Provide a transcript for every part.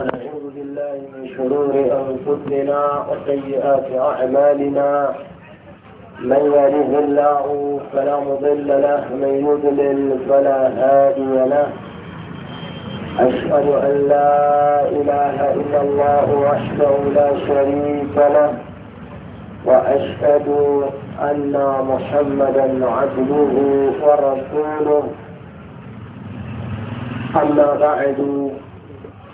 ونعوذ بالله من شرور أنفسنا وسيئات أعمالنا من يهده الله فلا مضل له من يضلل فلا هادي له أشهد أن لا إله إلا الله وحده لا شريك له وأشهد أن محمدا عبده ورسوله أما بعد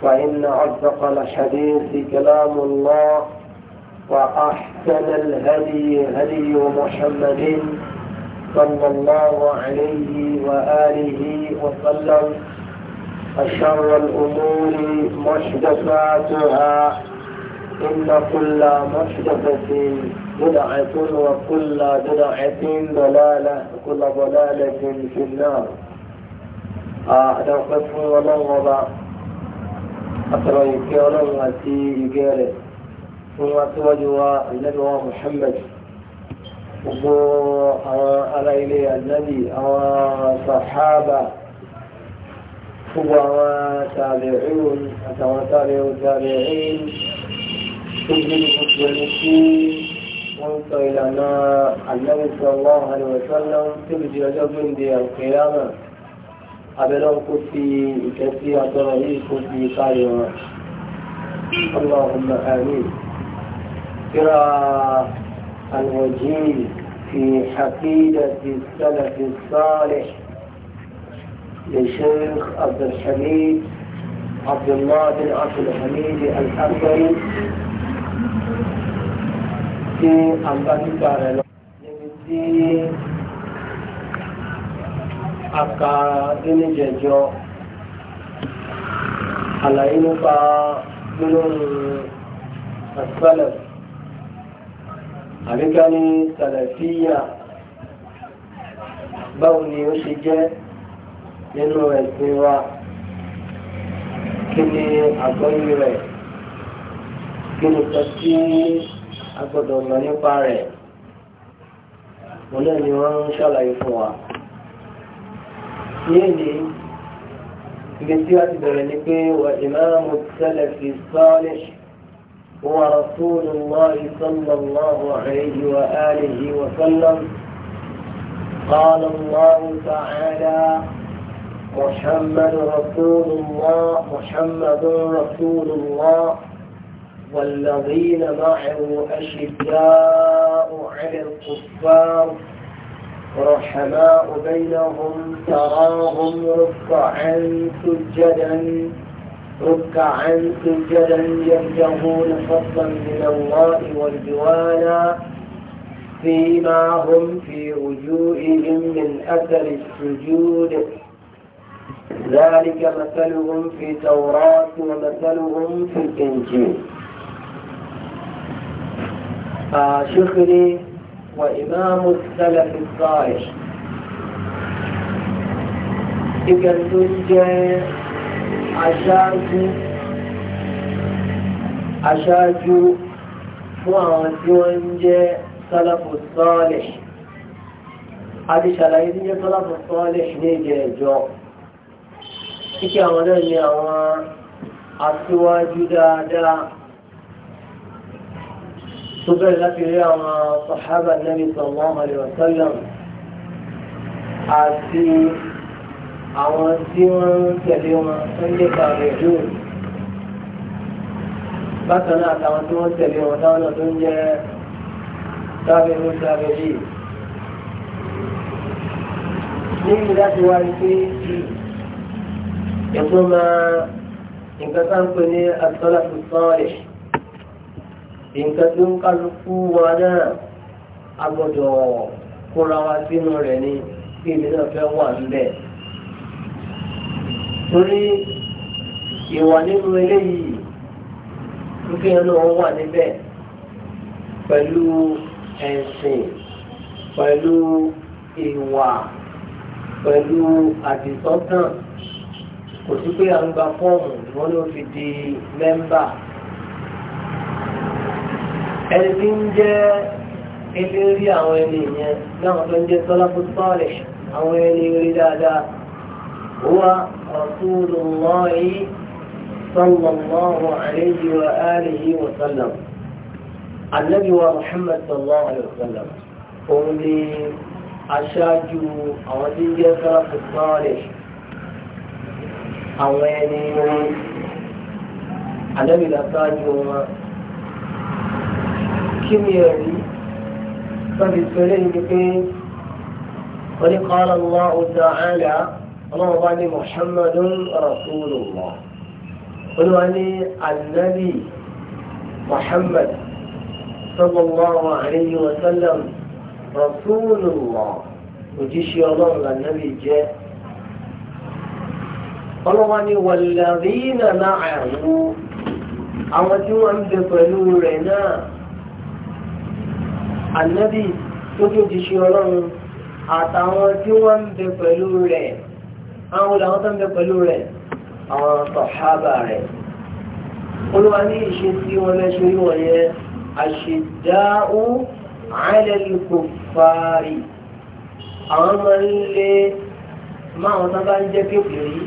فإن أصدق الحديث كلام الله وأحسن الهدي هدي محمد صلى الله عليه وآله وسلم أشر الأمور محدثاتها إن كل محدثة بدعة وكل بدعة ضلالة وكل ضلالة في النار آه، أدعوكم آه ولغضا أترى يكيونا وأتي يكيري ثم أتواجه النبي محمد gbogbo àwọn ará ilé ànábì àwọn sàhábà gbogbo àwọn tàbí'ùn àtàwọn tàbí'ùn tàbí'ùn gbogbo gbogbo ẹni tí wọ́n ń sọ ìlànà ànábì sallallahu alaihi wa sallam tó bìí ọjọ́ gbé ń di àkèyàmà أبلغ kó fi ìkẹ́ sí àtọ́rọ̀ اللهم آمين قراء الوجيل في حقيدة السلف الصالح للشيخ عبد الحميد عبد الله بن عبد الحميد الحنبلي في أنبان كارلو aka oníjẹjọ àlàyé nípa gbólóhùn asálẹ̀ àbíká ní sàlẹ̀fíyà báwo ni ó ṣe jẹ́ nínú ẹ̀sìn wa kí ni àgbọ́yé rẹ̀ kí ni sọ sí agbọ́dọ̀ mọ̀ nípa rẹ̀ mo náà ni wọ́n ń ṣàlàyé fún wa. yéèlì ibi tí a ti bẹ̀rẹ̀ ni pé wà ìmáàmù salafi salih wa rasulullahi sallallahu alayhi wa alihi wa sallam قال الله تعالى محمد رسول الله محمد رسول الله والذين معه أشداء على الكفار رحماء بينهم تراهم ركعا سجدا ركعا سجدا يبتغون فضلا من الله والجوانا فيما هم في وجوههم من أثر السجود ذلك مثلهم في التوراة ومثلهم في الإنجيل آه شكري وإمام السلف الصالح إذن تنجى أشاجو أشاجو وأنجى سلف الصالح هذه شرائط سلف الصالح نيجي جو kíkẹ́ àwọn náà ni àwọn aṣíwájú dáadáa sọ́jọ́ láti rí àwọn sàhábà Ànábì sallallahu alaihi wasallam àti àwọn tí wọ́n ń tẹ̀lé wọn tó ń lè kàwé jùlọ bákan náà àtàwọn tí wọ́n tẹ̀lé wọn táwọn náà tó ń jẹ́ sábẹ́ ní sábẹ́ yìí. níbi láti wá rí pé ẹ̀gbọ́n máa nǹkan tá ń pè ní asọ́lá tó sọ́ọ̀rẹ̀ nǹkan tó ń kálukú wa náà a gbọ́dọ̀ kóra wa sínú rẹ̀ ni kí èmi náà fẹ́ wà níbẹ̀. torí ìwà nínú eléyìí nígbà yẹn náà wà níbẹ̀ pẹ̀lú ẹ̀sìn pẹ̀lú ìwà pẹ̀lú àdìsọ́tàn kò sí pé à ń gba fọ́ọ̀mù wọn ló fi di mẹ́mbà ẹni tí ń jẹ́ eléré àwọn ẹni yẹn ní àwọn tó ń jẹ́ sọ́lápù sọ́ọ̀lẹ̀ àwọn ẹni rí dáadáa wá Rasulullahi sallallahu alayhi wa alihi wa sallam annabi wa Muhammad sallallahu alayhi òun ni aṣáájú àwọn tí ń jẹ́ sọ́lápù sọ́ọ̀lẹ̀ àwọn ẹni rí ànábìlá sáájú kí ni ẹ̀rí tọ́bi pẹ̀lẹ́ ni pé wọ́n ní qala Allahu ta'ala ọlọ́run bá ní Muhammadun rasulullah wọ́n wá ní anabi Muhammad sallallahu alayhi wa sallam rasulullah òjíṣẹ́ ọlọ́run lànàbì jẹ́ ọlọ́wọ́ ni wàlàrí nàná àrùn àwọn tí wọ́n ń bẹ pẹ̀lú rẹ̀ náà ànábì tó tó di ṣe ọlọ́run àtàwọn tí wọ́n ń bẹ pẹ̀lú rẹ̀ àwọn olùdawọn tó ń bẹ pẹ̀lú rẹ̀ àwọn sọ̀hábà rẹ̀ olúwa ní ìṣe tí wọ́n lẹ́ṣọ́ yìí wọ̀nyẹ àṣìdáú àìlẹ́lùkò fàárì àwọn ọmọ ilé máwọn tó bá ń jẹ́ kékeré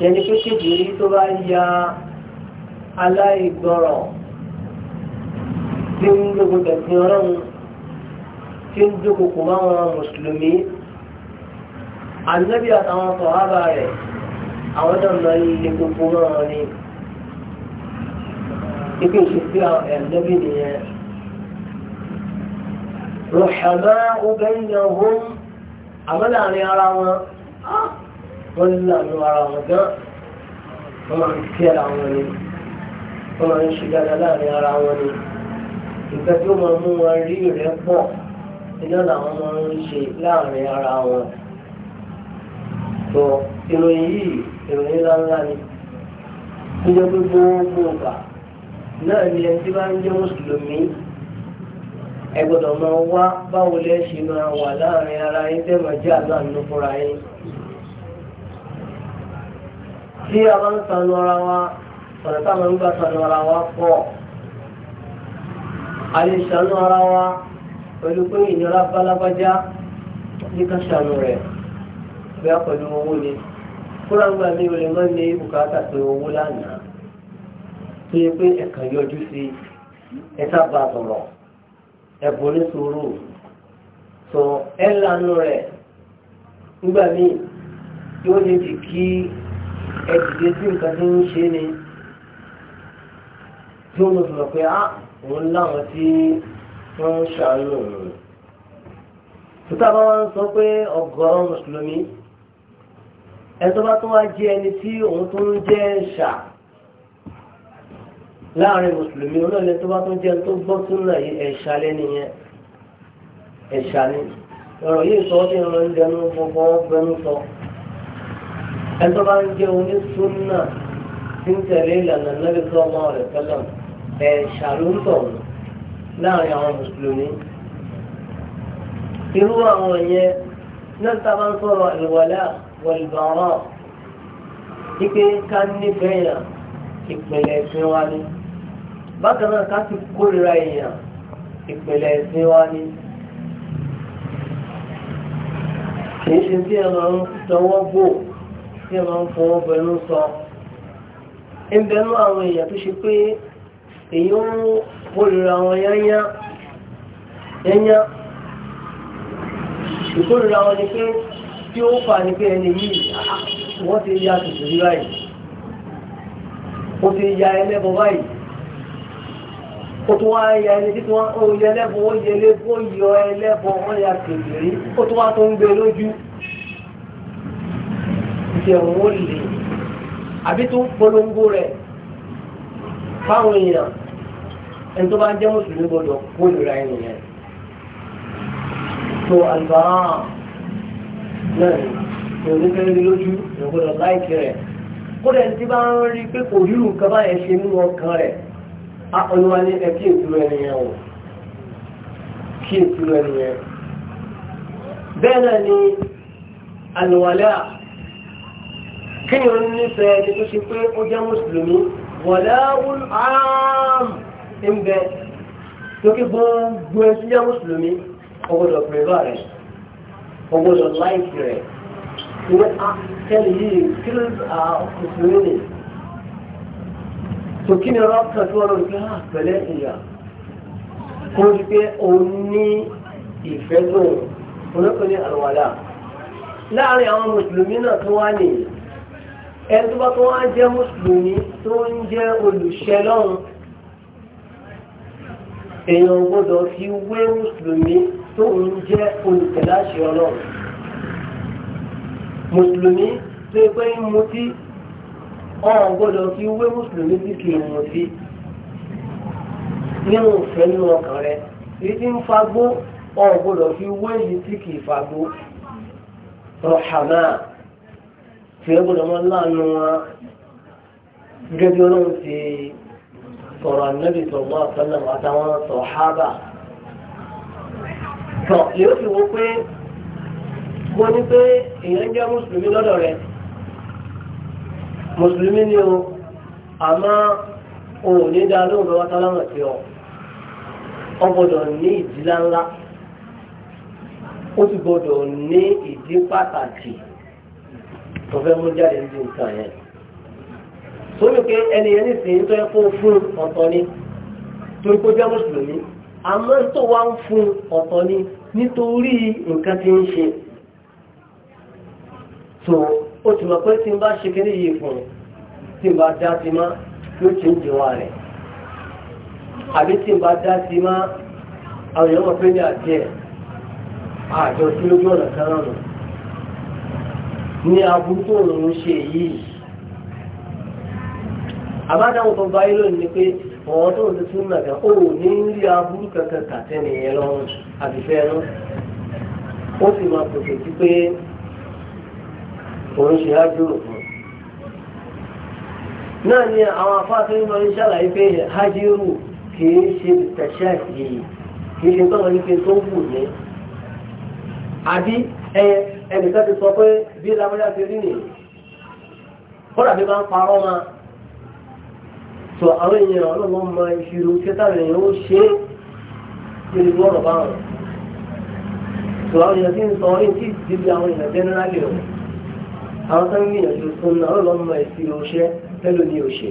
yẹni pé tí ń gbogbo ẹ̀sìn ọlọ́run tí ń dúkokò máwọn mùsùlùmí ànábì àtàwọn sọ̀hábà rẹ̀ àwọn dàmà ilé gbogbo máwọn ni ipe ìṣesí ànábì nìyẹn rọ̀ṣàmá obìnrin ọ̀hún àmọ́láàrin ara wọn ah, wọ́n lànà ara wọn gan wọ́n máa ń kí ara wọn ni wọ́n máa ń ṣe dáadáa láàrin ara wọn ni nǹkan tí ó máa mú wọn rí rẹ̀ pọ̀ iná làwọn máa ń ṣe láàrin ara wọn. tó ìròyìn yìí ìròyìn ńláńlá ni tó jẹ́ pé gbogbo ọ̀gá náà ni ẹni tí bá ń jẹ́ mùsùlùmí ẹ gbọ́dọ̀ máa wá báwo lẹ ṣe máa wà láàrin ara yín tẹ́ máa jẹ́ àlọ́ àánú fúnra yín. tí a bá ń sanu ara wa ọ̀nà táwọn ń gbà sanu ara wa pọ̀. àlèṣànú ara wa pẹ̀lú pé ìnira balabajá ní ká ṣàánú rẹ̀ bí a pẹ̀lú owó ni kúrò àgbà mi ò mọ́ ní bùkátà pé owó lánàá tó yẹ pé ẹ̀kan yọjú sí ẹ̀ta bá sọ̀rọ̀ ẹ̀bùn ní sọ ẹ̀ lánú rẹ̀ nígbà yóò di kí nǹkan tó ń ṣe òun láwọn tí wọ́n ń ṣàánú òun. títà bá wọn sọ pé ọgọ́rùn mùsùlùmí ẹni tó bá tún wá jẹ́ ẹni tí òun tó ń jẹ́ ṣà láàrin mùsùlùmí olóòlẹ tó bá tún jẹ́ tó gbọ́ súnà yìí ẹ̀ṣà lẹ́ni yẹn ẹ̀ṣà ni ọ̀rọ̀ yìí sọ tí ń ń dẹnu gbogbo ọgbẹ́nu sọ ẹni bá ń jẹ́ onísúnà tí ń tẹ̀lé ìlànà lẹ́bi sọ́mọ́ rẹ̀ tẹ́lẹ̀ ẹ̀ṣà ló ń tọ̀ láàrin àwọn mùsùlùmí irú àwọn yẹn náà tá a bá ń sọ̀rọ̀ ìwàlá wọ̀lùbàrà wípé ká nífẹ̀ẹ́ yàn ìpìlẹ̀ ẹ̀sìn wa ni bákan náà ká sì kórìíra èèyàn ìpìlẹ̀ ẹ̀sìn wa ni kìí ṣe tí ẹ máa ń tọwọ́ bò tí ẹ máa ń fọwọ́ bẹ̀rù sọ ẹ̀ńbẹ̀rù àwọn èèyàn tó ṣe pé èyí ń kórìíra wọn yányá yányá ìkórìíra wọn ni pé tí ó fà ní pé ẹni yìí wọ́n ti ya tòtò rí báyìí ó ti ya ẹlẹ́bọ báyìí ó tún wá ya ẹni títí wọn ó yẹ ẹlẹ́bọ ó yẹ ẹlẹ́bọ ó yọ ẹlẹ́bọ wọn ya tòtò rí ó tún wá tó ń gbé lójú ìṣẹ̀wọ̀n ó lè àbí tó polongo rẹ̀ fáwọn èèyàn ẹni tó bá jẹ́ mùsùlùmí gbọdọ̀ kó ìrora ẹni yẹn tó àlùbárà náà ní oníkẹ́rẹ́ lójú ìgbọdọ̀ láìkí rẹ̀ kódà ẹni tí bá ń rí pé kò rí nǹkan báyẹn ṣe nínú ọkàn rẹ̀ ọlọ́wà ní ẹkí ìtúrú ẹni yẹn o kí ìtúrú ẹni yẹn bẹ́ẹ̀ náà ni àlùwàlẹ́ à kí ni ó nífẹ̀ẹ́ ẹni tó ṣe pé ó jẹ́ mùsùlùmí wọ̀láhùn àám ń bẹ tókè gbogbo ẹ̀sí jẹ́ mùsùlùmí ọgbọ́dọ̀ pẹ̀lú rẹ̀ ọgbọ́dọ̀ láìsí rẹ̀ ìwé àtẹ́lẹ̀ yìí kí ló mùsùlùmí ni tòkí ni ọlọ́pàá kan tí wọ́n lọ rí pé á pẹ̀lẹ́ ìyá kó o tó wá nìyí ẹni tó bá tó wá jẹ́ mùsùlùmí tó ń jẹ́ olùṣẹ́ lọ́run èèyàn gbọ́dọ̀ fi wé mùsùlùmí tó ń jẹ́ olùtẹ̀láṣẹ ọlọ́run mùsùlùmí tó pé ń mutí ọ̀hún gbọ́dọ̀ fi wé mùsùlùmí tí kì í mutí nínú ìfẹ́ nínú ọkàn rẹ èyí tí ń fagbó ọ̀hún gbọ́dọ̀ fi wé yìí tí kì í fagbó rọ̀hánà tí ẹ gbọ́dọ̀ máa láàánú wa gẹ́gẹ́ bí ọlọ́run ti sọ̀rọ̀ ànábì sọ̀rọ̀ àtàlẹ̀ àtàwọn sọ̀hábà tọ̀ yóò fi wo pé mo ní pé èèyàn jẹ́ mùsùlùmí lọ́dọ̀ rẹ̀ mùsùlùmí ni o àmọ́ o ò ní dá lóhùn lọ́wọ́ tálámà sí ọ ọ ní ìdí ńláńlá ó sì gbọ́dọ̀ ní ìdí pàtàkì tó fẹ́ mú jáde níbi nǹkan yẹn sórí pé ẹni yẹn nísìnyí tó yẹ kó fún ọ̀tọ̀ ni torí kó jẹ́ mùsùlùmí àmọ́ tó wá ń fún ọ̀tọ̀ ni nítorí nǹkan tí ń ṣe tó ó ti mọ̀ pé tí n bá ṣe kíní yìí fún un tí n bá dá sí má yóò ṣe ń jẹwà rẹ̀ àbí tí n bá dá sí má àwọn èèyàn mọ̀ pé ní àjẹ́ àjọ sí lójú ọ̀nà kan náà ni abúrúkú òun ṣe yìí àbájáwọn tó bá ilé ní pé ọ̀wọ́n tó ti tún ó ní rí kankan kàtẹ́nì yẹn lọ́rùn àbífẹ́ ẹnu ó sì máa pèsè sí pé òun ṣe ájúrò afọ náà ni àwọn afáfẹ́ máa ń ṣàlàyé pé hájírù kìí ṣe kìí ṣe tọ́wọ́ ní pé tó wù ní àbí ẹnìkan ti sọ pé bí lámúyá ti rí nìyí kódà bí máa ń parọ́ ma tó àwọn èèyàn ọlọ́wọ́ ma ìṣirò kẹtàlẹ̀ èèyàn ó ṣe é kí ni wọ́n bá wọn tó àwọn èèyàn ti ń sọ orí tí ìdílé àwọn èèyàn jẹ́nẹ́rálì rẹ̀ àwọn tó ń gbìyànjú fún náà ọlọ́wọ́ ma ìṣirò ṣẹ́ tẹ́lò ní òṣè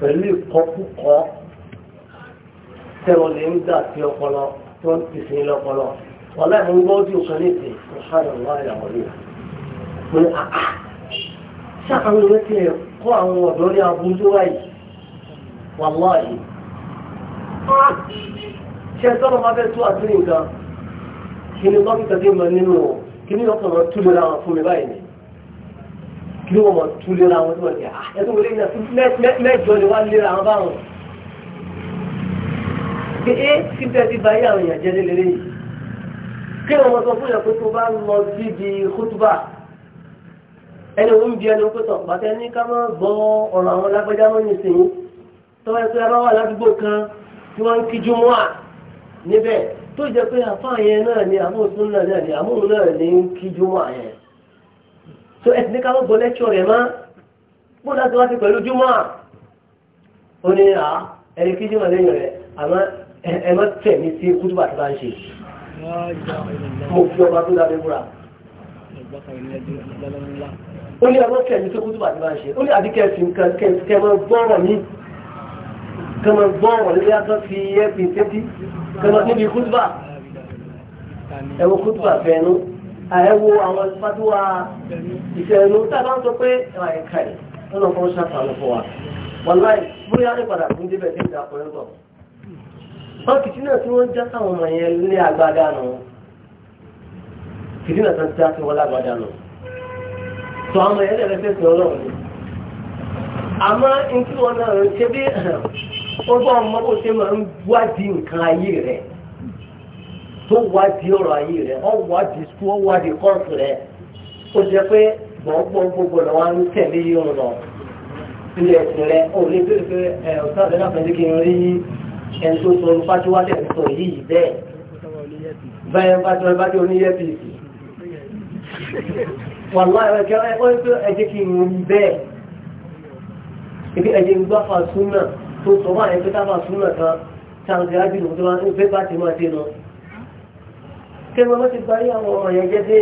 pẹ̀lú ìkọkúkọ tẹ́wọ̀n lè ń gbà sí ọpọlọ tó ń pèsè lọ́pọlọ wọ́n láì mú ń gbọ́ ojú kan ní ìpè ọ̀ṣáàdà wà ìyàwó yìí mo ní àá ṣàkàwé ìwé tí ẹ kọ́ àwọn ọ̀dọ́ ní aburú tó wáyé wà láàyè ṣe tọ́lọ́ máa fẹ́ tó àtúnyì nǹkan kí ni lọ́kì tàbí mọ̀ nínú ọ̀ kí ni ọkàn máa tú lera wọn fún mi báyìí ni kí ni wọ́n máa tú lera wọn tó wọ́n ti à ah, ẹ̀sùn wọlé ní àti ni wọ́n lera wọn báwọn. pé é eh, kí bẹ́ẹ̀ ti báyé àwọn èèyàn jẹ́ kí wọ́n sọ fún yẹn pé tó bá ń lọ síbi kútùbà ẹni òun bí ẹni pé tọ̀pá tẹ ní ká máa gbọ́ ọ̀rọ̀ àwọn lágbájá mọ́ nísìnyí tọ́wọ́ ẹ pé a bá kan tí wọ́n ń kíjú mọ́ à níbẹ̀ tó jẹ́ pé àfáà yẹn náà ni àmóhùn náà náà ni àmóhùn náà ni ń kíjú mọ́ à yẹn tó ẹ ti ní ká máa gbọ́ lẹ́kṣọ̀ rẹ̀ má bó láti wá sí pẹ̀lú júmọ́ à ó ní à mo fi ọba tó dáre múra ó ní ọmọ kẹ̀mí tó kútùbà ti bá ń ṣe ó ní àdíkẹ́ fi nǹkan kẹmọ gbọ́rọ̀ ní kẹmọ gbọ́rọ̀ ní yàtọ̀ fi ẹ́pì tẹ́tí kẹmọ níbi kútùbà ẹwọ kútùbà fẹ́nu àẹwọ àwọn fatuwa ìfẹ́nu tàbí wọ́n sọ pé ẹwà ẹ̀ka ẹ̀ ọlọ́pọ̀ ṣàfàlọ́pọ̀ wa wọ́n láì bóyá ní padà fún débẹ̀ tí ìdàpọ̀ àwọn kìtìnà tí wọ́n já sáwọn ọmọ yẹn lé agbádá nù kìtìnà tó já sí wọn lágbádá nù tó àwọn ọmọ yẹn lẹ́rẹ́ fẹ́ sọ ọlọ́run ni àmọ́ nkí wọn náà ń ṣe bí ó bá ọmọ bó ṣe máa ń wádìí nǹkan ayé rẹ̀ tó wádìí ọ̀rọ̀ ayé rẹ̀ ó wádìí sukú ó wádìí kọ́ọ̀tù rẹ̀ ó jẹ́ pé gbọ̀ngbọ̀n gbogbo lọ́wọ́ ń tẹ̀lé yìí ń lọ ilé ẹ̀sìn rẹ̀ ó lè bèrè pé ọ̀sán ẹni tó sọ nípa tí wá tẹ̀ sọ yìí bẹ́ẹ̀ bẹ́ẹ̀ bá tọ́ bá tẹ́ oníyẹ́pìsì wàlá ẹ̀kẹ́ ẹjẹ́ kí n rí bẹ́ẹ̀ ibi ẹjẹ́ gbá kan tàǹtì ájì lòkútọ́ wá ń fẹ́ bá ti máa dé lọ kí ẹgbẹ́ mọ́ ti parí àwọn ọmọ yẹn jẹ́ dé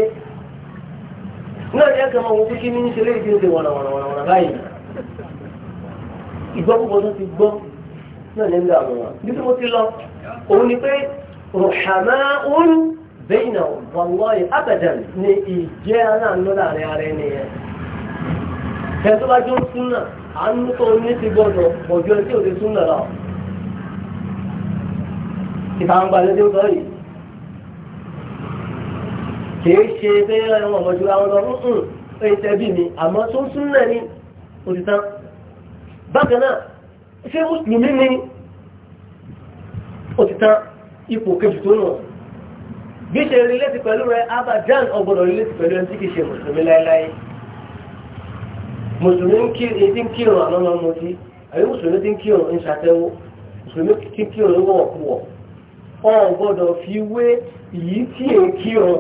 náà yẹ kẹ́ mọ́ wọn pé kí ní ṣe léèdè ń wọ̀nà wọ̀nà wọ̀nà báyìí ìgbọ́ tó ti gbọ́ náà ní ìlú àwọn bí tí mo ti lọ òun ni pé ruhamaun bẹ́yìnà wallahi abadan ni ìjẹ́ aláàánú láàrin ara ẹni yẹn bẹ́ẹ̀ tó bá jọ ń súnà àánú tó ní ti gbọ́dọ̀ ọjọ́ tí ò lè súnà lọ ìfàǹgbà ló dé sọ kìí ṣe pé ẹwọn ọmọdé àwọn ọmọ ń ń tẹ́bí mi àmọ́ tó ń súnà ní òtítàn bákan náà ṣé mùsùlùmí ni ó ti tán ipò kejì tó nù bí ṣe relate pẹ̀lú rẹ abadan ọgbọ́dọ̀ relate pẹ̀lú ẹni tí kì í ṣe mùsùlùmí láéláé mùsùlùmí ti ń kírun àná lọ mọ sí àbí mùsùlùmí ti ń kírun ń ṣàtẹ́wó mùsùlùmí ti ń kírun lówó ọ̀pọ̀ ọ̀ gbọ́dọ̀ fi wé ìyí tí èé kírun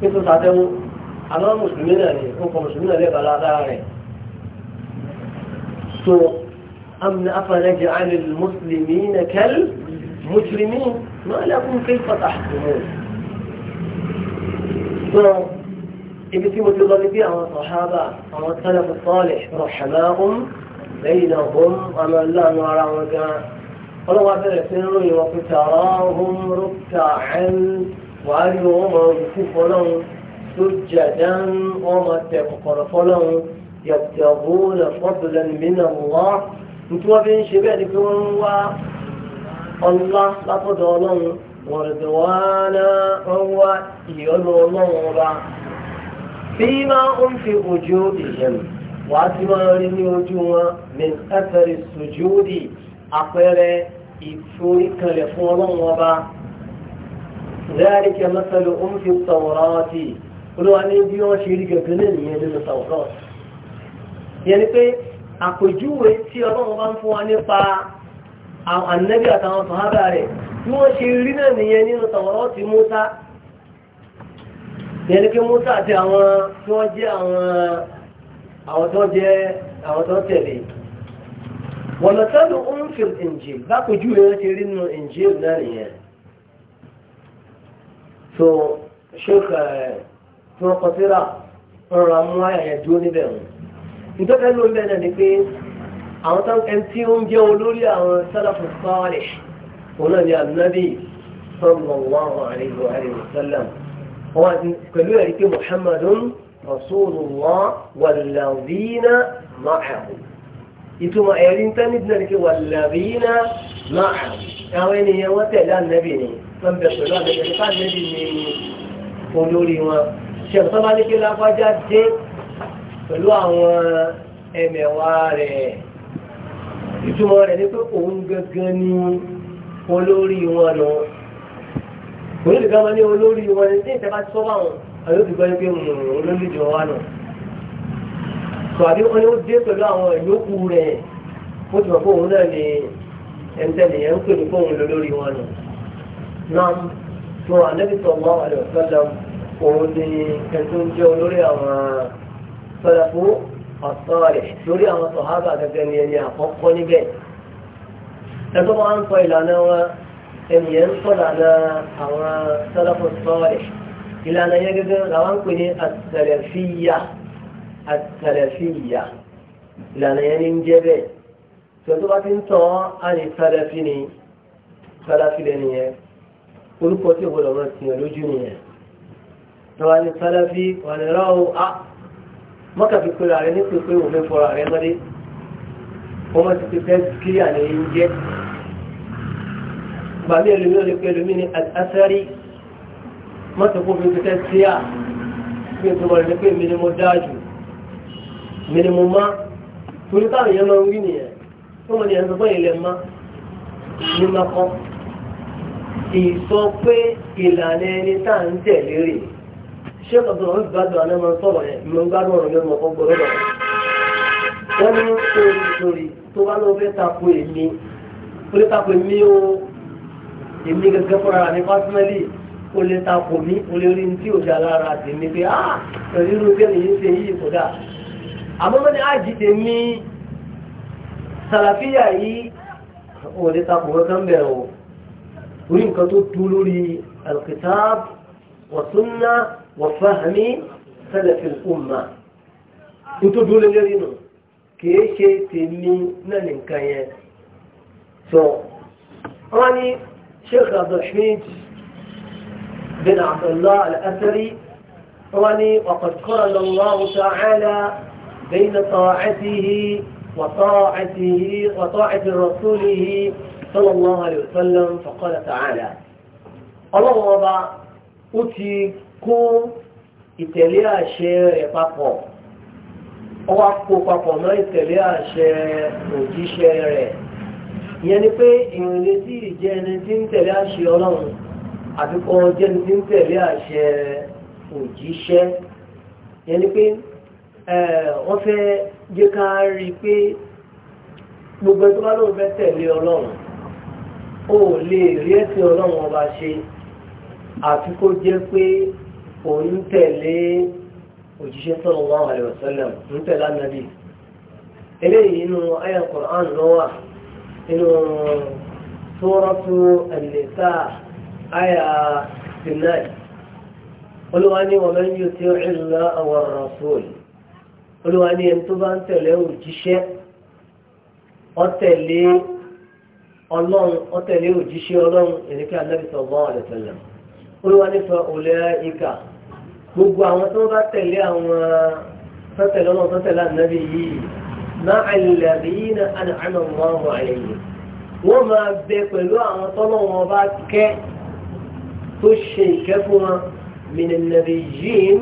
nítorí ṣàtẹ́wó àná mùsùlùmí náà ni ó kọ mùsùlùmí náà lẹ́ẹ̀kan lára rẹ̀ so أم أفنجعل المسلمين كالمجرمين ما لكم كيف تحكمون ابن تيمو تغلبي أو الصحابة أو السلف الصالح رحماهم بينهم أما الله نعرى وجاء ولو أفر سنوي وفتراهم ركعا وأجرهم كفلا سجدا ومتقفر فلا يبتغون فضلا من الله tuntun wọn fi ń ṣe bẹ́ẹ̀ ni pé wọ́n ń wá ọlá látọ̀dọ̀ ọlọ́run wọ́n rẹ̀ tẹ̀ wá ná wọ́n wá ìyọ́nú ọlọ́run ọba bí máa ń fi ojú ìyẹ̀mù wàá ti máa rí ní ojú wọn ní ẹsẹ̀rì sùjúdì àpẹẹrẹ ìforíkalẹ̀ fún ọlọ́run ọba ذلك مثل أم في التوراة olúwa ní bí wọ́n ṣe rí gẹ̀gẹ́ lẹ́nìyàn nínú tàwọn yẹn ni pé àpèjúwe tí ọlọ́run bá ń fún wa nípa ànábì àtàwọn sọ̀hábà rẹ̀ tí wọ́n ṣe rí náà nìyẹn nínú tọ̀wọ́rọ́ ti Musa yẹn ni pé Musa àti àwọn tí wọ́n jẹ́ àwọn àwọn tó jẹ́ àwọn tó tẹ̀lé wọ́n lọ sẹ́nu ń fi ìǹjì lápèjúwe wọ́n ṣe rí nínú ìǹjì náà nìyẹn so ṣé kẹ́ eh, tí wọ́n kọ síra wọ́n ra mú àyà dúró níbẹ̀ wọn ìtọ́fẹ́ ló ń bẹ̀ náà ni pé àwọn tán ẹni tí ó ń jẹ́ olórí àwọn sálàfù sọ́ọ̀lẹ̀ òun náà ni ànábì sallallahu alaihi wa alihi wa sallam wọ́n ti pẹ̀lú ẹ̀rí pé muhammadun rasulullah wàlàbíínà máàbù ìtumọ̀ ẹ̀rí ń tán nídìí náà ni pé wàlàbíínà máàbù àwọn ènìyàn wọ́n tẹ̀lé ànábì ni wọ́n bẹ̀ pẹ̀lú ànábì ni olórí wọn ṣe pẹ̀lú àwọn ẹmẹ̀wà rẹ̀ ìtumọ̀ rẹ̀ ní pé òun gẹ́gẹ́ ní olórí wọn lọ hmm, òun lè gbàmọ́ ní olórí wọn ní tí ìtẹ́bá ti sọ́wọ́ àwọn àwọn òbí gbọ́dọ̀ pé olórí ìjọ wa nù tàbí wọn ni ó dé pẹ̀lú àwọn ìyókù rẹ̀ ó ti mọ̀ pé òun náà ni ẹnitẹ́ni ẹ̀ ń pè ní fóun lórí wọn nù náà tó ànẹ́bìtọ̀ mọ́ àlẹ́ òṣèlú òun ni ẹ̀tún jẹ́ olórí àwọn sọ̀rọ̀fù asalih, lórí àwọn sọ̀hábà gẹ́gẹ́ ni ẹni àkọ́kọ́ níbẹ̀ ẹgbẹ́ wọn ń sọ ìlànà wọn ẹnìyẹn ń sọ ìlànà àwọn sọ̀rọ̀fù sọ̀rẹ̀ ìlànà yẹn gẹ́gẹ́ làwọn ń pè ní àtẹ̀lẹ̀fíyà àtẹ̀lẹ̀fíyà ìlànà yẹn ní ń jẹ́ bẹ́ẹ̀ tòótọ́ bá ti ń tọ́ á ní sọ̀rọ̀fì ni sọ̀rọ̀fì lẹ́nu yẹn orúkọ tí ò maka fi pera rẹ ní pípé òfin fọra rẹ mọ́lé ọmọ ti fi fẹ́ kíríà ní ń jẹ́ gbàmí ẹlòmí ò lè pe ẹlòmí ní asẹ́rí mọ́tò kó fi fi fẹ́ kíríà fi fi wọlé pé mi ni mo dáa jù mi ni mo má torí máa ń ni ẹ̀ ń sheikh abdulrahman gbádùn àná máa ń sọ̀rọ̀ yẹn mo ń gbádùn ọ̀rọ̀ yẹn mo kọ́ gbọ́dọ̀ lọ. wọ́n ní sórí sórí tó bá lọ fẹ́ tako èmi ó lè tako èmi o èmi gẹ́gẹ́ fúnra mi pásínálì ó lè tako mi ó lè rí tí ò dá lára tèmi pé ah pẹ̀lú irú bí ẹni yìí ṣe yìí kò dáa. àmọ́ mọ́ni àjì tèmi sàlàfíà yìí ó lè tako kankan bẹ̀rẹ̀ o orí nǹkan tó dúró lórí alkitab wa sunna وفهم سلف الأمة nítorí dúró lé lórí nù kìí ṣe tèmi so wọ́n شيخ عبد abdulhamid بن عبد الله الأثري وأني وقد قرن الله تعالى بين طاعته وطاعته وطاعة رسوله صلى الله عليه وسلم فقال تعالى الله وضع أتي kó ìtẹ̀lé àṣẹ rẹ̀ papọ̀ ó wá kó papọ̀ mọ́ ìtẹ̀lé àṣẹ òjíṣẹ́ rẹ̀ ìyẹn ni pé ìrìnlẹ̀ tí ìjẹ́ ẹni tí ń tẹ̀lé àṣẹ ọlọ́run àbíkọ́ jẹ́ ẹni tí ń tẹ̀lé àṣẹ òjíṣẹ́ ìyẹn ni pé wọ́n fẹ́ jẹ́ ká rí i pé gbogbo ẹni tó bá lóun fẹ́ tẹ̀lé ọlọ́run ó lè rí ẹ̀sìn ọlọ́run ọba ṣe àfi kó jẹ́ pé òun tẹ̀lé òjíṣẹ́ sallallahu alaihi wasallam òun tẹ̀lé ànábì eléyìí inú ayé Qur'an ló wà inú suratu an-nisa ayé sinai olúwa ní wa man yuti'i llaha wa rasul olúwa ní ẹni tó bá ń tẹ̀lé òjíṣẹ́ ọ̀tẹ̀lé ọlọ́run ọ̀tẹ̀lé òjíṣẹ́ ọlọ́run ẹ̀ríkà ànábì sallallahu alaihi olúwa nípa òlẹ ìkà gbogbo àwọn tó bá tẹ̀lé àwọn tọ́tẹ̀lé ọlọ́run tọ́tẹ̀lé ànábì yìí máa àlẹ́bí iná àná wọn wọ àyẹ̀yẹ wọ́n máa bẹ pẹ̀lú àwọn tọ́lọ́ wọn bá kẹ́ tó ṣe ìkẹ́ fún wọn mìnìnàbí yìí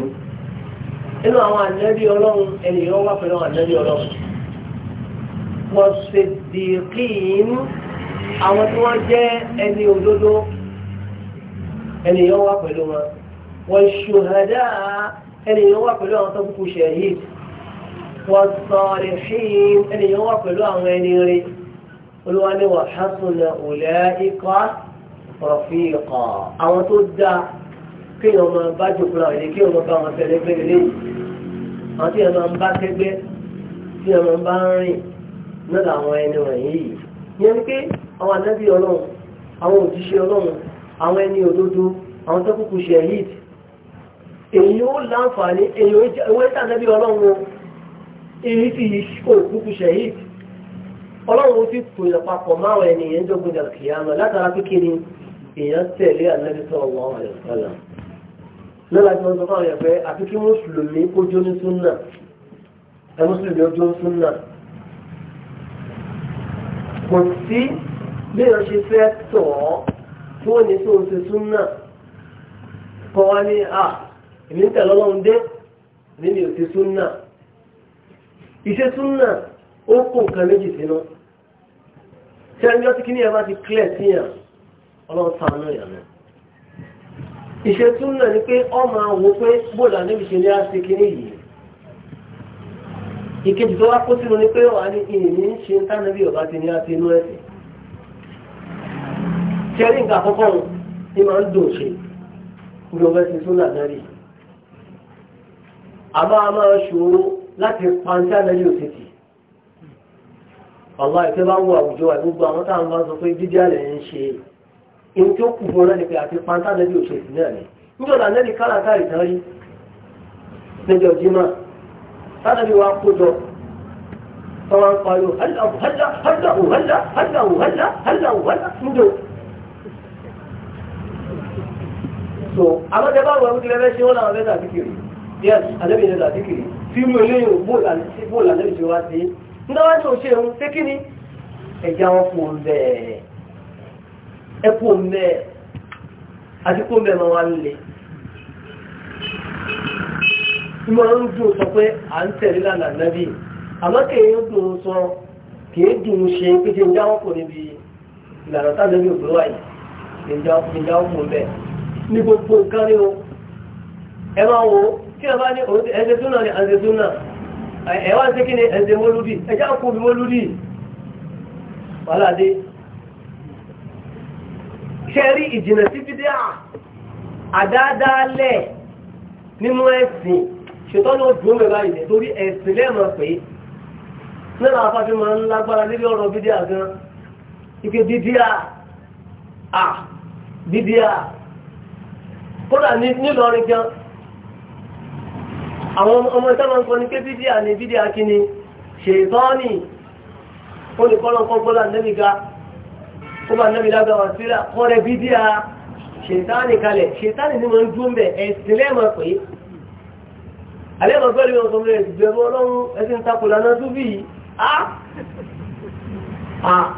nínú àwọn ànábì ọlọ́run ènìyàn wà pẹ̀lú àwọn ànábì ọlọ́run wọ́n ṣe àwọn tí wọ́n jẹ́ ẹni òdodo ẹnìyàn wà pẹ̀lú wọn wọ́n ṣùhàdá ẹnìyàn wà pẹ̀lú àwọn tó kú ṣẹ̀yìn wọ́n sọ̀rọ̀ ṣìn ẹnìyàn wà pẹ̀lú àwọn ẹni rí olúwa ní wà hasuna òlẹ́ ikọ́ rọ̀fíìkọ̀ àwọn tó dá kéèyàn máa bá jòkó ra ìdí kéèyàn máa bá wọn tẹ̀lé pé lè àwọn tí máa ń bá kẹgbẹ́ tí máa ń bá rìn náà làwọn ẹni wọ̀nyí yìí yẹn ni pé àwọn ànábì ọlọ́run àwọn òjíṣẹ́ ọlọ́run àwọn ẹni òdodo àwọn tó kúkú ṣẹ̀hìd èyí ó láǹfààní èyí ó tàbí ọlọ́run èyí ti kò kúkú ṣẹ̀hìd ọlọ́run ó ti kò ìlàpapọ̀ máwọn ènìyàn jọ́gbìn dàkìyàmọ̀ látara kékeré èèyàn tẹ̀lé ànábi sọ̀rọ̀ wọn àwọn ẹ̀sọ́lá lọ́la tí wọ́n sọ fáwọn ẹ̀fẹ́ àti kí mùsùlùmí kó jó ní súnà ẹ mùsùlùmí ó jó ní súnà kò sí bí wọ́n ṣe fẹ́ tọ̀ ọ́ tí wọ́n ní tó ń ṣe sún náà kọ́ wá ní à èmi ń tẹ̀lé ọlọ́run dé èmi mi sún náà ìṣe sún náà ó kó méjì sínú bá ti clear sí ọlọ́run sànú yàn náà ìṣe sún náà ni pé ọmọ pé bóòlù àníbi ṣe ní àṣẹ ni pé wà ìyìn ní ṣe ń ti ní àti jẹ́rí nǹkan àkọ́kọ́ òun ní máa ń dùn ṣe ní ọgbẹ́ ti tó nà lẹ́rì àmọ́ a máa ṣòro láti pàǹtí àlẹ́lì òtítì ọ̀la ìfẹ́ bá wo àwùjọ àìgbogbo àwọn táwọn bá sọ pé dídí àlẹ́ ń ṣe ohun tí ó kù fún ọlọ́ni pé àti pàǹtí àlẹ́lì òtítì náà ni níjọ́ nà lẹ́rì káràkárì tán rí níjọ́ jimá sádàbí wa kó jọ tọ́wọ́n pariwo hẹ́lá hẹ́lá hẹ́lá hẹ́lá hẹ́lá hẹ́lá hẹ́lá hẹ́lá so àwọn tẹ bá wọ ẹgbẹ́ tilẹ̀ fẹ́ ṣe wọ́n làwọn fẹ́ sàdíkìrì yes àlẹ́bí yẹn sàdíkìrì tí mi ò léyìn bóòlù àlẹ́bí ti wá sí nígbà wá tó ṣe òun ṣé kí ni ẹja wọn kò mẹ́ẹ̀ ẹ kò mẹ́ẹ̀ àti kò mẹ́ẹ̀ máa wá lè ìmọ̀ ń dùn sọ pé à ń tẹ̀lé lànà nàbí àmọ́ kèé dùn sọ kèé dùn ṣe pé ṣe ń jáwọ́ níbi ìlànà tábìlì òbí wáyé ṣe ń jáwọ́ ní gbogbo nǹkan ní o ẹ máa wo kí ẹ bá ní ẹ̀ṣẹ̀ súnà ní ẹ̀ṣẹ̀ súnà ẹ wá ń ṣe kí ni ẹ̀ṣẹ̀ mọ́lúdì ẹ̀ṣẹ̀ àkó mi mọ́lúdì wàhálà dé ṣe rí ìjìnà sí fídíà àdáadáalẹ̀ nínú ẹ̀sìn ṣètọ́nà ojú omi ẹ̀bá ìdẹ̀ torí ẹ̀sìn lẹ́ẹ̀mọ̀ pé nínú afáfí máa ń lágbára lórí ọ̀rọ̀ bídíà gan ike bídíà à bídíà kódà nílọrin gan àwọn ọmọ ìtàwọn kan ní pé bídíà ní bídíà kí ni ṣètọ́ọ̀nì olùkọ́lọ́kọ́ gbọ́lá nẹ́bí ga ó bá nẹ́bí lágbà wà síra wọ́n rẹ bídíà ṣètọ́ọ̀nì kalẹ̀ ṣètọ́ọ̀nì ni wọ́n ń dún bẹ̀ ẹ̀sìn lẹ́ẹ̀mọ̀ pé alẹ́mọ̀ gbọ́lẹ̀ mi ọ̀sán rẹ̀ ìbẹ̀rù ọlọ́run ẹ̀sìn takùlà náà tún bí i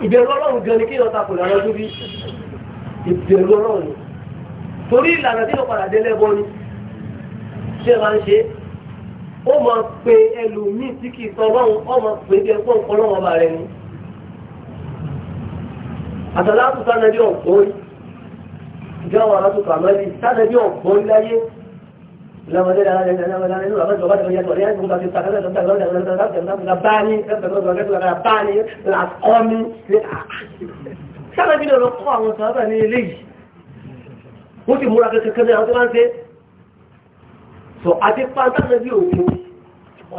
ìbẹ̀rù ọlọ́run gan ni kí torí ìlànà tí ó padà délé bọ́ ni ṣé máa ń ṣe ó máa pe ẹlòmíì tí kì í sọ ọlọ́run ó máa pè é bí ẹgbọ́n kan lọ́wọ́ ọba rẹ ni àtàlà àtúntà nàbí ọ̀gbọ́n ìjọba àtúntà àmọ́lì sánàbí ọ̀gbọ́n láyé lọ́wọ́dé dára lẹ́nu ẹ̀rọ ẹ̀rọ ẹ̀rọ àbájọ ọba ìjọba yàtọ̀ ẹ̀yà ìgbóhùn àti ìtàkàlẹ̀ ìjọba ìjọba ìjọba ìjọba ìjọba báyìí ìjọba ìjọba báyìí ìjọba ìjọba báyìí wọ́n ti múra kẹ́kẹ́kẹ́ náà tó bá ń ṣe sọ àti pátá náà bí òkú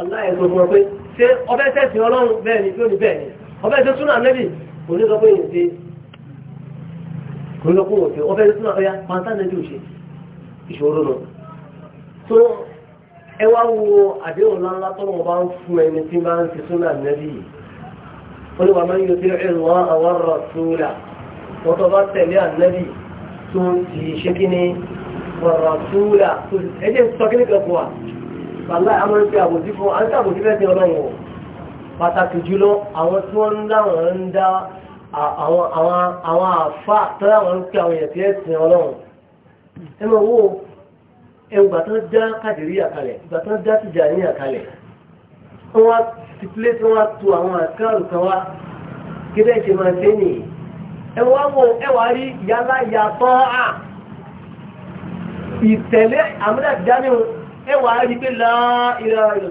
ọ̀la ẹ̀sọ́ fún ọ pé ṣé ọbẹ̀ tẹ̀sí ọlọ́run bẹ́ẹ̀ ni tí ó ní bẹ́ẹ̀ ni ọbẹ̀ tẹ̀ súnà nẹ́bì kò ní sọ pé yìí ṣe kò ní sọ pé òṣè ọbẹ̀ tẹ̀ súnà ọya pátá náà bí òṣè ìṣòro nù. tó ẹ wá wo àdéhùn ńláńlá tọ́lọ́ wọn bá ń fún ẹni tí bá ń ṣe súnà nẹ́bì yìí wọ́n ní wàá máa ń yọ tó ti ṣe kí ni wàràtúrà tó ẹjẹ́ sọ kí ní kẹ́kọ̀ọ́ wa bàbá àwọn ìpè àbòsí fún àwọn àbòsí fẹ́ ti ọlọ́run o pàtàkì jùlọ àwọn tí wọ́n ń dáwọn ń dá àwọn àfà tó ń pè àwọn èèyàn tí ẹ sin ọlọ́run wo ẹgbà tó dá kàdìrí àkàlẹ̀ ìgbà tó dá tìjà ní àkàlẹ̀ wọ́n wá ti pílé tí wọ́n tu àwọn àkàrù kan wá kí bẹ́ẹ̀ ṣe máa ṣe nìyí ẹwà wo ẹwà rí yálà yàtọ̀ à ìtẹ̀lé àmúdàdánù ẹwà rí pé láàrín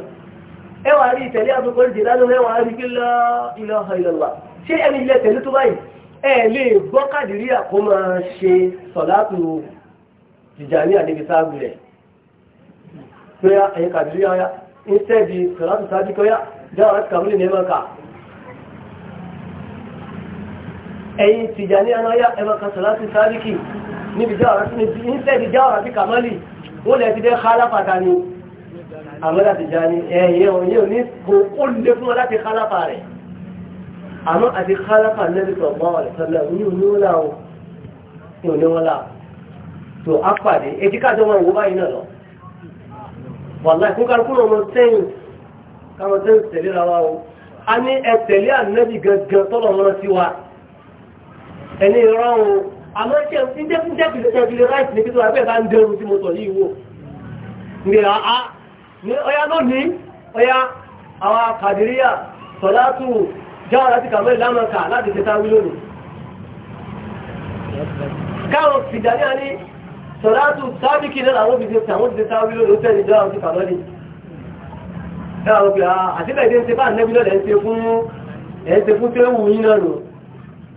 ẹwà rí ìtẹ̀lé àtúkọ̀ ìdìdánù ẹwà rí pé láàrín ìlọ́wà ṣé ẹni ilẹ̀ tẹ̀lé tó báyìí ẹ lè gbọ́ kàdìrí àkómọ ṣe sọ̀látù Tìjàní àdébí sáàbù rẹ̀ pé ẹ̀yẹ kàdìrí ọya instead sọ̀látù sáàbù ní ẹmọ́ kàá ẹ̀yin Tìjàní anáyá ẹ̀mọ̀kà sọ̀láti sáríkì níbi jáwàrá sí kàmálì ó lẹ́ ti dẹ́ kálápàtà ni àmọ́ láti já ní ẹ̀yìn òyìn òní kò lè fún ọ láti kálápà rẹ̀ àmọ́ àti kálápà lẹ́bí sọ̀gbọ́n rẹ̀ sọ́lẹ̀ òní òní ó là ó ní òní wọn là tó á pàdé ètí kájọ wọn ìwọ báyìí náà lọ wàláì fún kálukú ọmọ sẹ́yìn káwọn sẹ́yìn a ní ẹ ànẹ́bì gangan tọ́lọ̀ wọn sí wa ẹni ìran o àmọ́ ṣe ń dẹ́kun dẹ́kun lè tẹ̀lé ráìtì níbi tó wà bẹ́ẹ̀ bá ń dẹrù tí mo sọ yìí wò ní àá ní ọya lónìí ọya àwọn kàdíríyà sọ̀látù jáwọ́ láti kàmọ́ ìlànàkà láti tẹ̀ta wí lónìí káwọn fìdárí àní sọ̀látù sábìkì náà àwọn òbíṣẹ́ tí àwọn òbíṣẹ́ sáwí lónìí ó tẹ̀lé jáwọ́ láti kàmọ́ ní káwọn òbí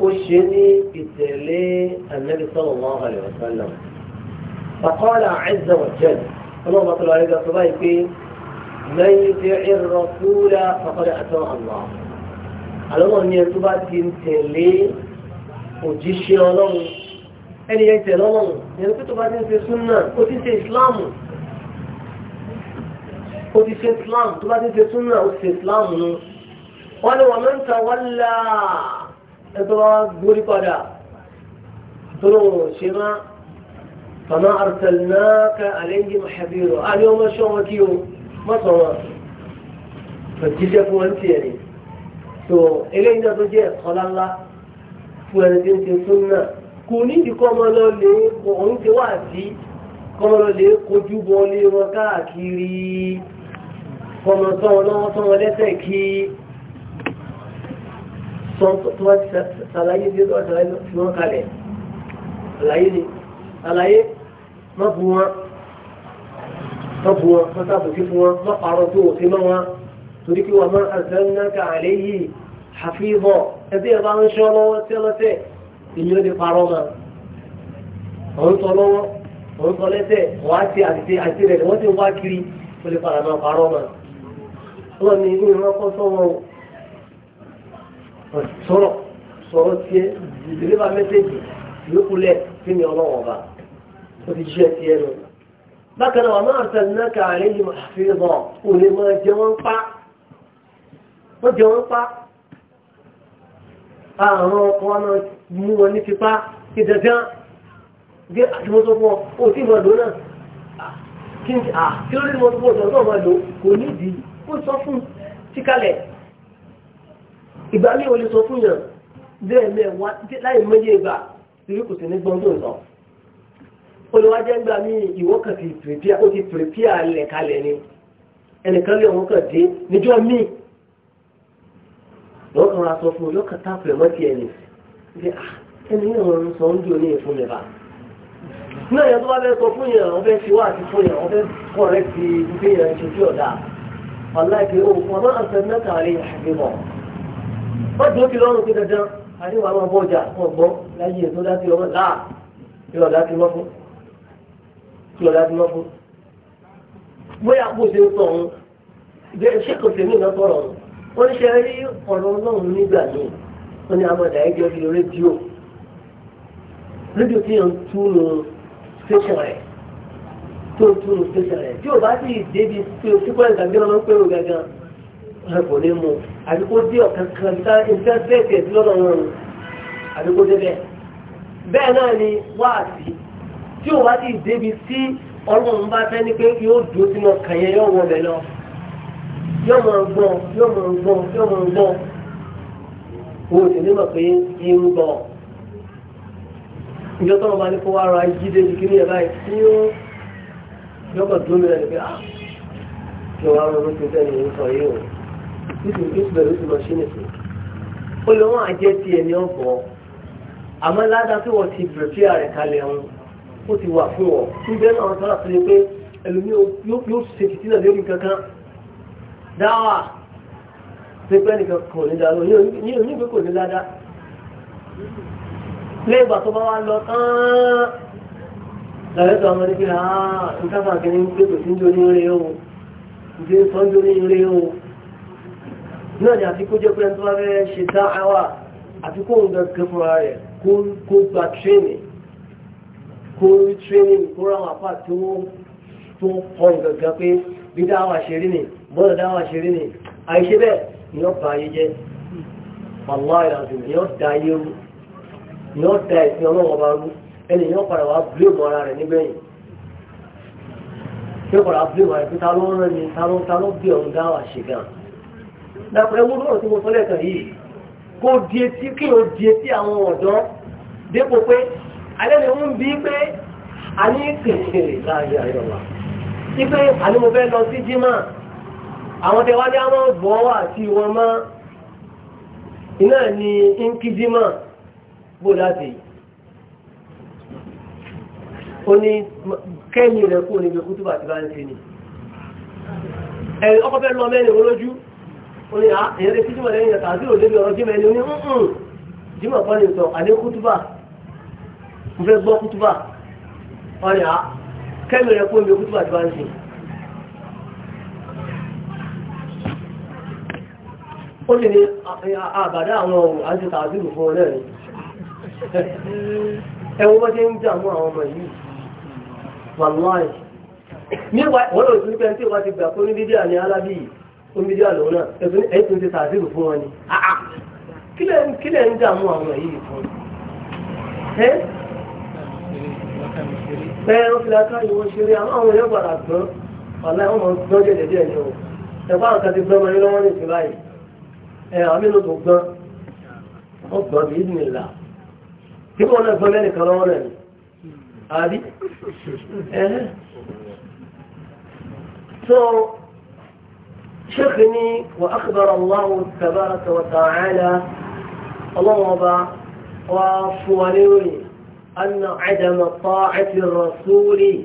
ó ṣe ní ìtẹ̀lé Ànábì sallallahu alaihi wasallam faqala azza wa jalla ọlọ́run bá tọ́lọ́ àríga sọ báyìí pé man yuti'ir rasula faqad ata Allah àlọ́mọ̀ ní ẹni tó bá ti ń tẹ̀lé òjíṣẹ́ ọlọ́run ẹni yẹn tẹ̀lé ọlọ́run ẹni tó bá ti ń ṣe súnà ó ti ṣe ìsìláàmù ó ti ṣe ìsìláàmù tó bá ti ń ṣe súnà ó ti ṣe ìsìláàmù ẹ̀tọ́ wa gbórí padà tó ló ń ṣe má fama arsalnaka alayhim habira a ní ọmọ ṣọ́ wọn kí o má sọ wọn kò jíṣẹ́ fún wọn tiẹ̀ ni tó eléyìí náà tó jẹ́ ẹ̀kọ́ lánlá fún ẹni tí ń ti fún náà kò ní ìdíkọ́ ọmọ lọ òun ti wà sí kọmọlọ lè kojú bọ́ wọn káàkiri kọmọ tán wọn lọ́wọ́ tán lẹ́sẹ̀ kí sọ tó wá ti ṣàlàyé bí ó ṣàlàyé fi wọ́n kalẹ̀ àlàyé ni àlàyé má bu wọn má bu wọn má sàbòsí fún wọn má pààrọ̀ tó òsè mọ́ wọn torí kí wọn má arsalnaka alayhi hafiza ẹbí ẹ bá ń ṣọ́ lọ́wọ́ tẹ́lọ́tẹ́ ìyẹn lè parọ́ mọ́ ọ̀hún sọ lọ́wọ́ ọ̀hún sọ lẹ́sẹ̀ wọ́n ti àti àti wọ́n ti wá kiri ó lè padà máa parọ́ mọ́ wọn ni ìwé wọn kọ́ sọ́wọ́ sọ̀rọ̀ sọ̀rọ̀ tiẹ̀ dìdìlébà mẹ́sẹ̀jì yókùlẹ̀ kí ni ọlọ́wọ́ bá ó ti jí ẹ tiẹ̀ nù. bákan náà wàmọ́ arsalnaka alayhim hafiza ò lè máa jẹ wọ́n pa wọ́n jẹ wọ́n pa àrùn ọkọ̀ wọn mú wọn ní tipa ìdẹ̀dán bí àtúmọ̀tò fún ọ ò tí ì mọ̀ lónà kí ló dé mọ̀tò fún ọ̀dọ̀ ọ̀dọ̀ ọ̀dọ̀ kò nídìí ó sọ fún tíkalẹ̀ ìgbà mi ò lè sọ fún yàn bẹ́ẹ̀ mẹ́wàá láì méje ìgbà ìrí kò sí ní gbọ́ndùn lọ. olùwájẹ́ ń gbà mí ìwọ́ kan ti pèpíà ó ti pèpíà lẹ̀ kalẹ̀ ni ẹnìkan lé wọn kàn dé níjọ́ míì lọ́wọ́ kan ra sọ fún un lọ́kàn táàpù ẹ̀ mọ́ ti ẹ̀yìn ṣe ẹni yẹn ah, wọn sọ ń dùn ní ìfún mi bá. náà yẹn tó bá fẹ́ sọ fún yẹn wọ́n fẹ́ fi wá àti fún yẹn wọ́n fẹ́ kọ́ rẹ́ ti gbé yẹn ṣojú ọ̀dà ọ̀la ìpè wọ́n dúró kí lọ́rùn pé dandan àríwá àwọn ọmọ ọjà wọn gbọ́ láyé ètò láti ọmọ láà kí ọ̀dà ti mọ́ fún kí ọ̀dà ti mọ́ fún. bóyá kó ṣe ń sọ òun bẹ́ẹ̀ ṣé kò fèmí náà sọ̀rọ̀ òun wọ́n ṣe rí ọ̀rọ̀ ọlọ́run nígbà míì wọ́n ní amọ̀dà ẹgbẹ́ bí rédíò rédíò tí yẹn ń túnu station rẹ̀ tó ń túnu station rẹ̀ tí ò bá sì débi tí o sípò ẹ̀gbàgbé wọn kò ní mú àbí kó dé ọ̀kan kan bí táwọn ẹgbẹ́ bẹ́ẹ̀ tẹ̀ sí lọ́dọ̀ wọn àbí kó dé bẹ́ẹ̀ bẹ́ẹ̀ náà ni wáàsí tí ò wá ti débi sí ọlọ́run bá fẹ́ ní pé yóò dúró sínú ọkàn yẹn yóò wọ bẹ̀ lọ yóò mọ̀ gbọ́n yóò mọ̀ gbọ́n yóò mọ̀ gbọ́n o sì ní mọ̀ pé kí ń gbọ́ ìjọ tó wọn bá ní kó wá ra jí débi kí ní ẹ̀ báyìí ó yọkọ̀ dúró mi rẹ̀ pé ah kí wọ́n á ronú tó sẹ́yìn ń sọ yìí o títí títí bẹ̀rù ti lọ ṣe nìkan ó lè wọ́n àjẹ́ ti ẹni ọ̀bọ̀ àmọ́ ládàá tí wọ́n ti bẹ̀rẹ̀ rẹ̀ kalẹ̀ ọ̀hún ó ti wà fún ọ níbẹ̀ náà wọ́n sọ́ra pé ẹlòmí yóò ṣe kìtì náà lórí kankan dáwà pépé nìkan kò ní dáa ní onígbé kò ní ládàá lé tó bá wá lọ tán lọ́lẹ́tọ̀ ọmọdé pé ah nǹkan fàkínní pé kò sí ń jó ní o ìdí sọ́njó ní ire o náà ni àti kó jẹ́ pé ẹni tó bá fẹ́ ṣe dá àwà àti kó ń gẹ́gẹ́ fúnra rẹ̀ kó gba tírénì kó rí tírénì kó ráwọn apá tí wọ́n tó ń kọ́ gẹ́gẹ́ pé bí dáwà ṣe rí ni bọ́ọ̀dọ̀ dáwà ṣe rí ni àìṣe bẹ́ẹ̀ ni ó ba ayé jẹ́ wàlá ìrìnàjò ni ó da ayé rú ni ó da ìsìn ọlọ́run ọba rú ẹni yóò padà wá bíléèmù ara rẹ̀ nígbẹ̀yìn yóò padà bíléèmù ara rẹ̀ pé ta ló ń rẹ́ mi ta ló bí ọ̀hún dáwà ṣe gan-an dàpọ̀ ẹwú lọ́rọ̀ tí mo sọ lẹ́ẹ̀kan yìí kó di etí kí o di etí àwọn ọ̀dọ́ dépò pé alẹ́ ni ń bí pé a ní kèrè láàyè àyọ̀wà sí pé àní mo fẹ́ lọ sí jimá àwọn tẹ wájú àwọn bọ́ àti wọn mọ́ iná ni ń kí jimá bó láti ó ní kẹ́yìn rẹ̀ kó níbi kútùbà tí bá ń ṣe ni ọkọ̀ fẹ́ lọ mẹ́rin olójú ó a ah, ẹ̀yẹ́ lè kíjúmọ̀ lẹ́yìn ẹ̀ta àti òde bí ọ̀rọ̀ jímọ̀ ẹni ní ǹǹ jímọ̀ kan sọ àdé kútúbà mo fẹ́ gbọ́ kútúbà ah, kẹ́mi kó mi ti bá ń ṣe. ó sì ní eh, eh, ah, àbàdá àwọn ohun àti tàbílù fún ọlẹ́rin ẹwọ́n bọ́ ń jà àwọn ọmọ yìí wà láì ti gbà kó ní onídìí àlọ́ náà ẹ̀sùn ní ẹ̀sùn ti tààzírù fún wọn ni kílẹ̀ ń dààmú àwọn èyí fún ẹ ẹ̀rọ fi láká ìwọ ṣeré àwọn èèyàn gbàdà gbọ́n ọ̀la ẹ̀wọ̀n mọ̀ gbọ́n jẹ́ jẹ́jẹ́ ni o ẹ̀fọ́ àwọn kan ti gbọ́n mọ́ ní lọ́wọ́ ní ìtura yìí ẹ̀ àmì ló gbọ́n wọ́n gbọ́n bí ìdùnnú ìlà tí wọ́n náà gbọ́n lẹ́nìkan lọ́wọ́ náà ni àbí ẹ̀hẹ́ شيخني وأخبر الله تبارك وتعالى الله وضع وفوانيوني أن عدم طاعة الرسول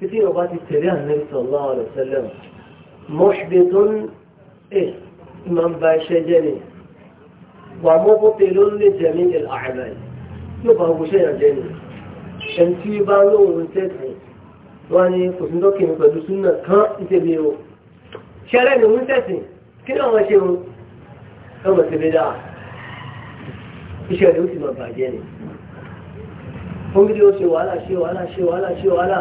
كثير أوقات يتبعها النبي صلى الله عليه وسلم محبط إيه من باشجني ومبطل لجميع الأعمال يبقى هو شيء جني كان في بالون تدعي وأني كنت نقول سنة كان يتبعه ṣẹlẹ̀ ní orí tẹ̀sìn kí ni àwọn ṣe wọn ọmọ ti fi dá iṣẹ́ rẹ̀ ó sì máa bàjẹ́ ni omídìí ó ṣe wàhálà ṣe wàhálà ṣe wàhálà ṣe wàhálà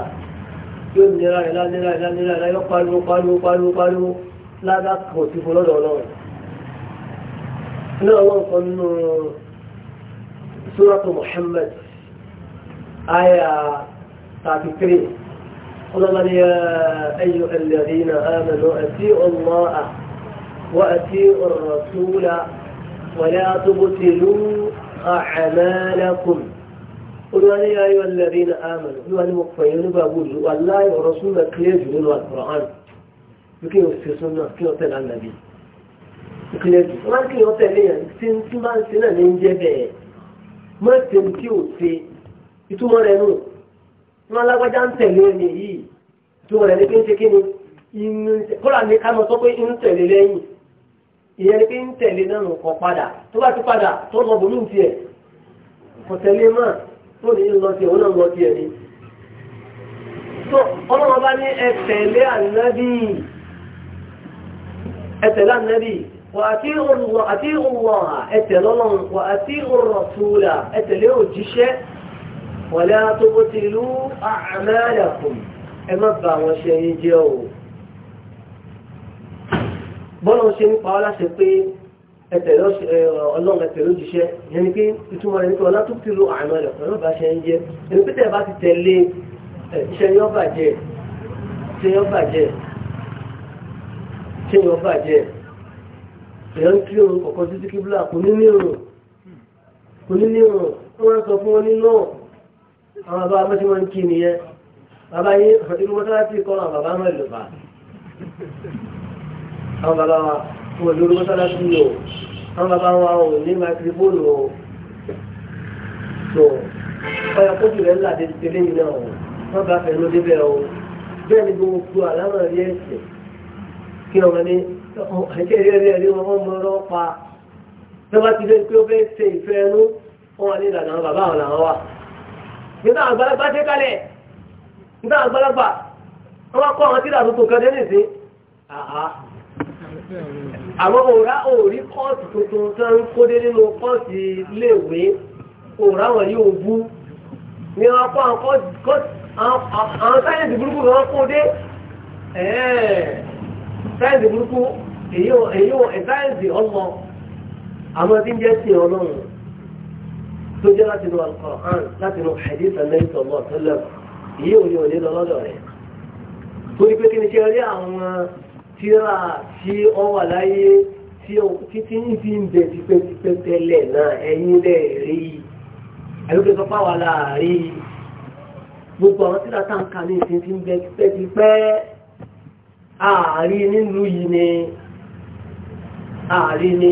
yóò nira rẹ̀ lánira rẹ̀ lánira rẹ̀ yóò pariwo pariwo pariwo pariwo ládàá kò sí fún lọ́dọ̀ ọlọ́run náà wọ́n kan nínú suratu Muhammad aya 33 قلنا يا أيها الذين آمنوا أتيعوا الله وأتيعوا الرسول ولا تبتلوا أعمالكم قل يا أيها الذين آمنوا يا المقفين بقول والله ورسول كليج من القرآن يمكن يستيسون كي يطلع النبي كليج ما كي يطلع يعني سنتين سنة ننجبه ما تمتيو في يتمرنون wọn lágbájá ń tẹ̀lé ẹni yìí tó rẹ̀ ní pé ń ṣe kí ni inú ń tẹ̀lé kọ́là ní ká mọ̀ sọ pé ń tẹ̀lé lẹ́yìn ìyẹn ni pé ń tẹ̀lé náà nù kọ́ padà tó bá ti padà tó lọ bòlú tiẹ̀ kò tẹ̀lé mọ́ tó ní lọ tiẹ̀ òun náà lọ tiẹ̀ ni. tó ọlọ́run bá ní ẹ tẹ̀lé ànábì ẹ tẹ̀lé ànábì wà á tí òun wà á tí òun ẹ tẹ̀lé ọlọ́run wà á tí òun rọ̀ ولا تبتلوا أعمالكم ẹmọ́ bá wọn ṣe yí jẹ́ o bọ́lọ̀ ṣe ń pa ọ́ láṣẹ pé ẹtẹ̀lẹ́ ọlọ́run ẹtẹ̀lẹ́ òjíṣẹ́ yẹn ni pé ìtumọ̀ rẹ̀ nípa ọlá tó ti lo àmọ́ rẹ̀ pẹ̀lú bá ṣe ń jẹ́ ẹni pé tẹ̀lé wọ́n sọ fún wọn nínú àwọn bàbá mọ́tí wọ́n ń kí nìyẹn bàbá yín irú mọ́sálásí kọ́ àwọn bàbá mọ́ ìlú bá àwọn bàbá wa wọ́n lórí mọ́sálásí o àwọn bàbá wa ò ní máikrófóònù o tó ọyọ kójú rẹ̀ ńlá dédé lẹ́yìn náà o wọ́n bá fẹ́ ló débẹ̀ o bẹ́ẹ̀ ni gbogbo àlámọ̀ rí ẹ̀sìn kí ọmọ ní ẹ̀jẹ̀ rí ẹ̀rí ẹ̀rí wọn mọ́ ọ̀rọ̀ pa lọ́ba ti nígbà àgbàlagbà ṣe kalẹ̀ nígbà àgbàlagbà wọ́n wá kọ́ àwọn tíra tuntun kan dé nìsín àwọn òrá òrí kọ́ọ̀sì tuntun tó ń kó dé nínú kọ́ọ̀sì léèwé òrá wọn yóò bú ní wọn kọ́ àwọn sáyẹ̀nsì burúkú kan kó dé sáyẹ̀nsì burúkú èyí ò sáyẹ̀nsì ọlọ àwọn tí ń jẹ́ sí ọlọ́run tó jẹ́ láti nu alukọ̀rán láti nu hadith anẹ́sì ọ̀gbọ́n tó lẹ̀ yí òye òye lọ lọ́dọ̀ rẹ̀ torí pé kí ni ṣe rí àwọn tíra tí ọ wà láyé tí tí ń fi ń bẹ tipẹ́tipẹ́ tẹ́lẹ̀ náà ẹ̀yin lẹ̀ rí àyùkẹ́ sọ fáwọn aláàárí gbogbo àwọn tíra tá ń ka ní ìsìn tí ń bẹ tipẹ́tipẹ́ ààrí nílùú yìí ni ààrí ni.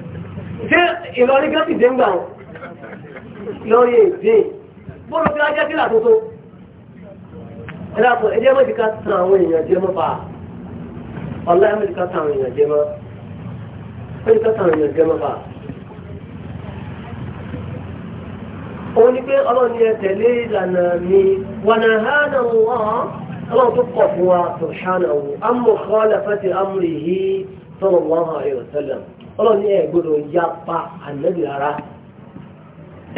ṣé ìlọrin gẹ́gẹ́ dé ń gbà wọn lọ́rin èdè bọ́ọ̀lù fi ajá kílà tuntun ẹ̀dàpọ̀ ẹ̀jẹ̀ mọ́ ti ká tan àwọn èèyàn jẹ́ mọ́ bá ọ̀la ẹ̀mọ́ ti ká tan àwọn èèyàn jẹ́ mọ́ ẹ̀mọ́ ti ká tan àwọn èèyàn jẹ́ mọ́ bá. òun ni pé ọlọ́run yẹn tẹ̀lé ìlànà mi wọnà hánà wọn ọlọ́run tó pọ̀ fún wa subhanahu amma khalafati amrihi sallallahu alaihi wasallam ọlọ́run ní ẹ gbọ́dọ̀ yapa ànábì rárá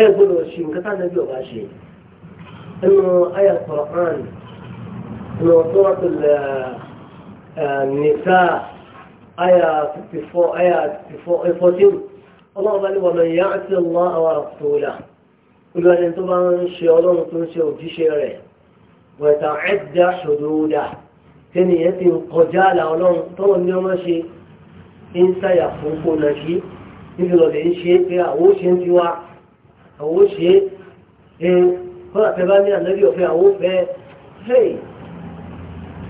ẹ gbọ́dọ̀ ṣe nǹkan tá ànábì ọba ṣe ẹnu àyà Qur'an ẹnu suratul eh, eh, Nisa àyà fifty four àyà fifty four eh, fourteen ọlọ́run bá ní wa man ya'si Allaha wa rasulahu olùwàdí tó bá ń ṣe ọlọ́run tó ń ṣe òjíṣẹ́ rẹ̀ wa yata'adda hududah tẹ́niyẹ́ ti kọjá àlà ọlọ́run tọ́wọ́ ní ọmọ ṣe ń sáyà fún kó na ṣe níbi lọ́dẹ̀ ń ṣe pé àwọn òṣè ń tiwa àwọn òṣè ẹ kọ́lá tẹ bá ní ànábì ọ̀fẹ́ àwọn òfẹ́ hey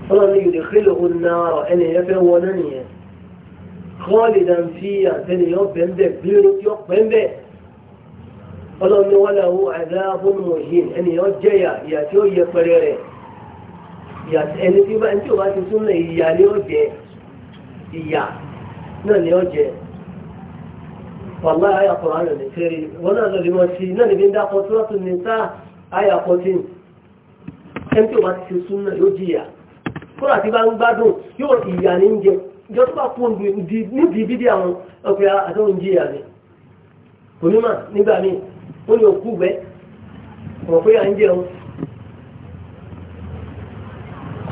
kọ́lá ní yòlè kílò ó na ẹni ẹ fẹ́ wọ náà nìyẹn kọ́ọ̀lì dàn fi àtẹnìyàn bẹ́ẹ̀ bẹ́ẹ̀ bí ó ti ọ̀pẹ́ bẹ́ẹ̀ ọlọ́run ni wọ́n láwọ́ àdáàbùn mọ̀hìn ènìyàn jẹ́yà ìyà tí ó yẹ pẹ̀rẹ̀ rẹ̀ ẹni tí ó bá ti súnmọ̀ ìyà náà ni ó jẹ wàlá àyàkọ̀rọ̀ àrùn lè fẹ́rí wọn náà lọ́lẹ́ wọn sí náà níbi ń dákọ̀ tó látún ní sá àyàkọ̀ tí ẹni tí ó bá ti ṣe sún náà yóò jìyà kó láti bá ń gbádùn yóò ìyà ní ń jẹ ìjọ tó bá kún níbi bídí àwọn ọkùnrin àtọ́wò ń jìyà rẹ̀ onímọ̀ nígbà míì ó ní òkú gbẹ wọ́n pé à ń jẹun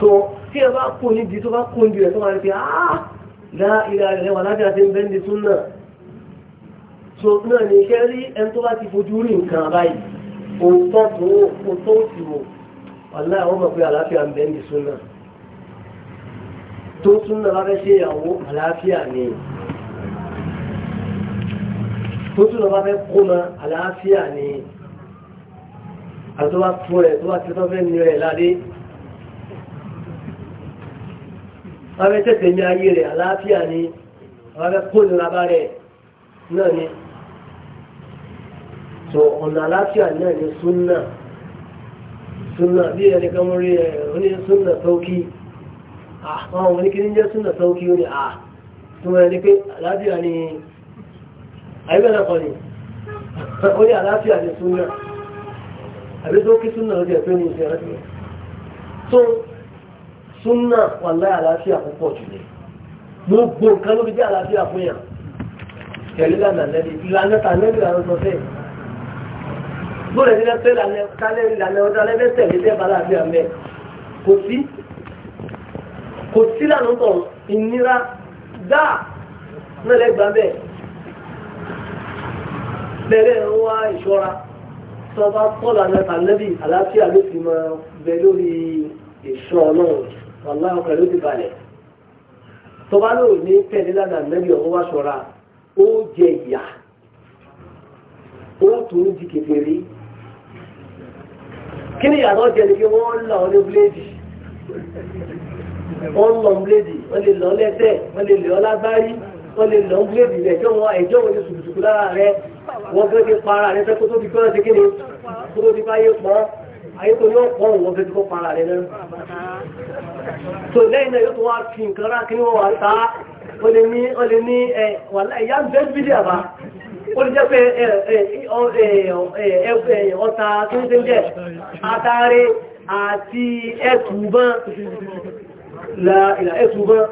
tó tí ẹ bá kún níbi tó bá kún níbi rẹ̀ tó máa ń fi áá láìlà ilẹ̀ wà lábẹ́ àti bẹ́ndì súnà so náà ní iṣẹ́ rí ẹni tó bá ti fojú rí nǹkan báyìí òótọ́ tó òótọ́ òsì wò wàlá àwọn ọmọ pé àlàáfíà ń bẹ́ndì súnà tó súnà bá fẹ́ ṣe ìyàwó àlàáfíà ni tó súnà bá fẹ́ kó àlàáfíà ni àti tó bá fún ẹ̀ tó bá ti tọ́ fẹ́ ní ẹ̀ ládé wọ́n fẹ́ tẹ̀sẹ̀ ní ayé rẹ̀ àlàáfíà ni wọ́n fẹ́ kó nira bá rẹ̀ náà ni so ọ̀nà àlàáfíà náà ni súnà súnà bí ẹni kan mú rí ẹ oní súnà tókì àwọn ọmọ oníkiri ń jẹ́ súnà tókì ó ní à tí wọ́n ní pé àlàáfíà ni àyíbẹ̀rẹ̀ kan ni ó ní àlàáfíà ni súnà àbí tó súnà ló ti pé ní ìṣẹ́ rẹ̀ súnà wà láyé àlàáfíà púpọ̀ jù ní gbogbo nǹkan ló fi jẹ́ àlàáfíà fún yàn tẹ̀lé lànà lẹ́bi ìlànà tàlẹ́bi lànà sọ fẹ́ bóòlù ẹ̀dínlẹ́ pé lànà ìlànà ọ̀dà lẹ́bẹ̀ tẹ̀lé tẹ́ bá láàbí àmẹ́ kò sí kò sí lànà tọ̀ ìnira dáa náà lẹ́gbàá bẹ́ẹ̀ bẹ̀rẹ̀ ń wá ìṣọ́ra tọba kọ́ lànà tàlẹ́bi àlàáfíà ló fi máa bẹ lórí ìṣọ́ ọlọ́run wàláhì ọkàn ló ti balẹ̀ tó bá lò ní tẹ̀lé lánàá nẹ́bí ọ̀hún wá ṣọ́ra ó jẹ ìyà ó tún di kékeré kí ni ìyàtọ̀ jẹ ni pé wọ́n là ọ́ ní bíléèdì wọ́n lọ bíléèdì wọ́n lè lọ lẹ́sẹ̀ wọ́n lè lọ lágbárí wọ́n lè lọ bíléèdì rẹ̀ tí wọ́n ẹ̀jọ́ wọn ní sùkùsùkù lára rẹ̀ wọ́n fẹ́ fi para rẹ̀ fẹ́ kó tó fi gbọ́n kí ni kó tó fáyé pọ́n ayé tó yóò pọ̀ òun fẹ́ tí kó para rẹ̀ náà tó lẹ́yìn náà yóò tó wá fi nǹkan rá kí ní wọ́n wà tá ó lè ní ó lè ní ẹ̀ wàlá ìyá ń bẹ́ẹ̀ bídí àbá ó lè jẹ́ pé ọta tó ń jẹ́ atare àti ẹ̀tùbọ́n la ìlà ẹ̀tùbọ́n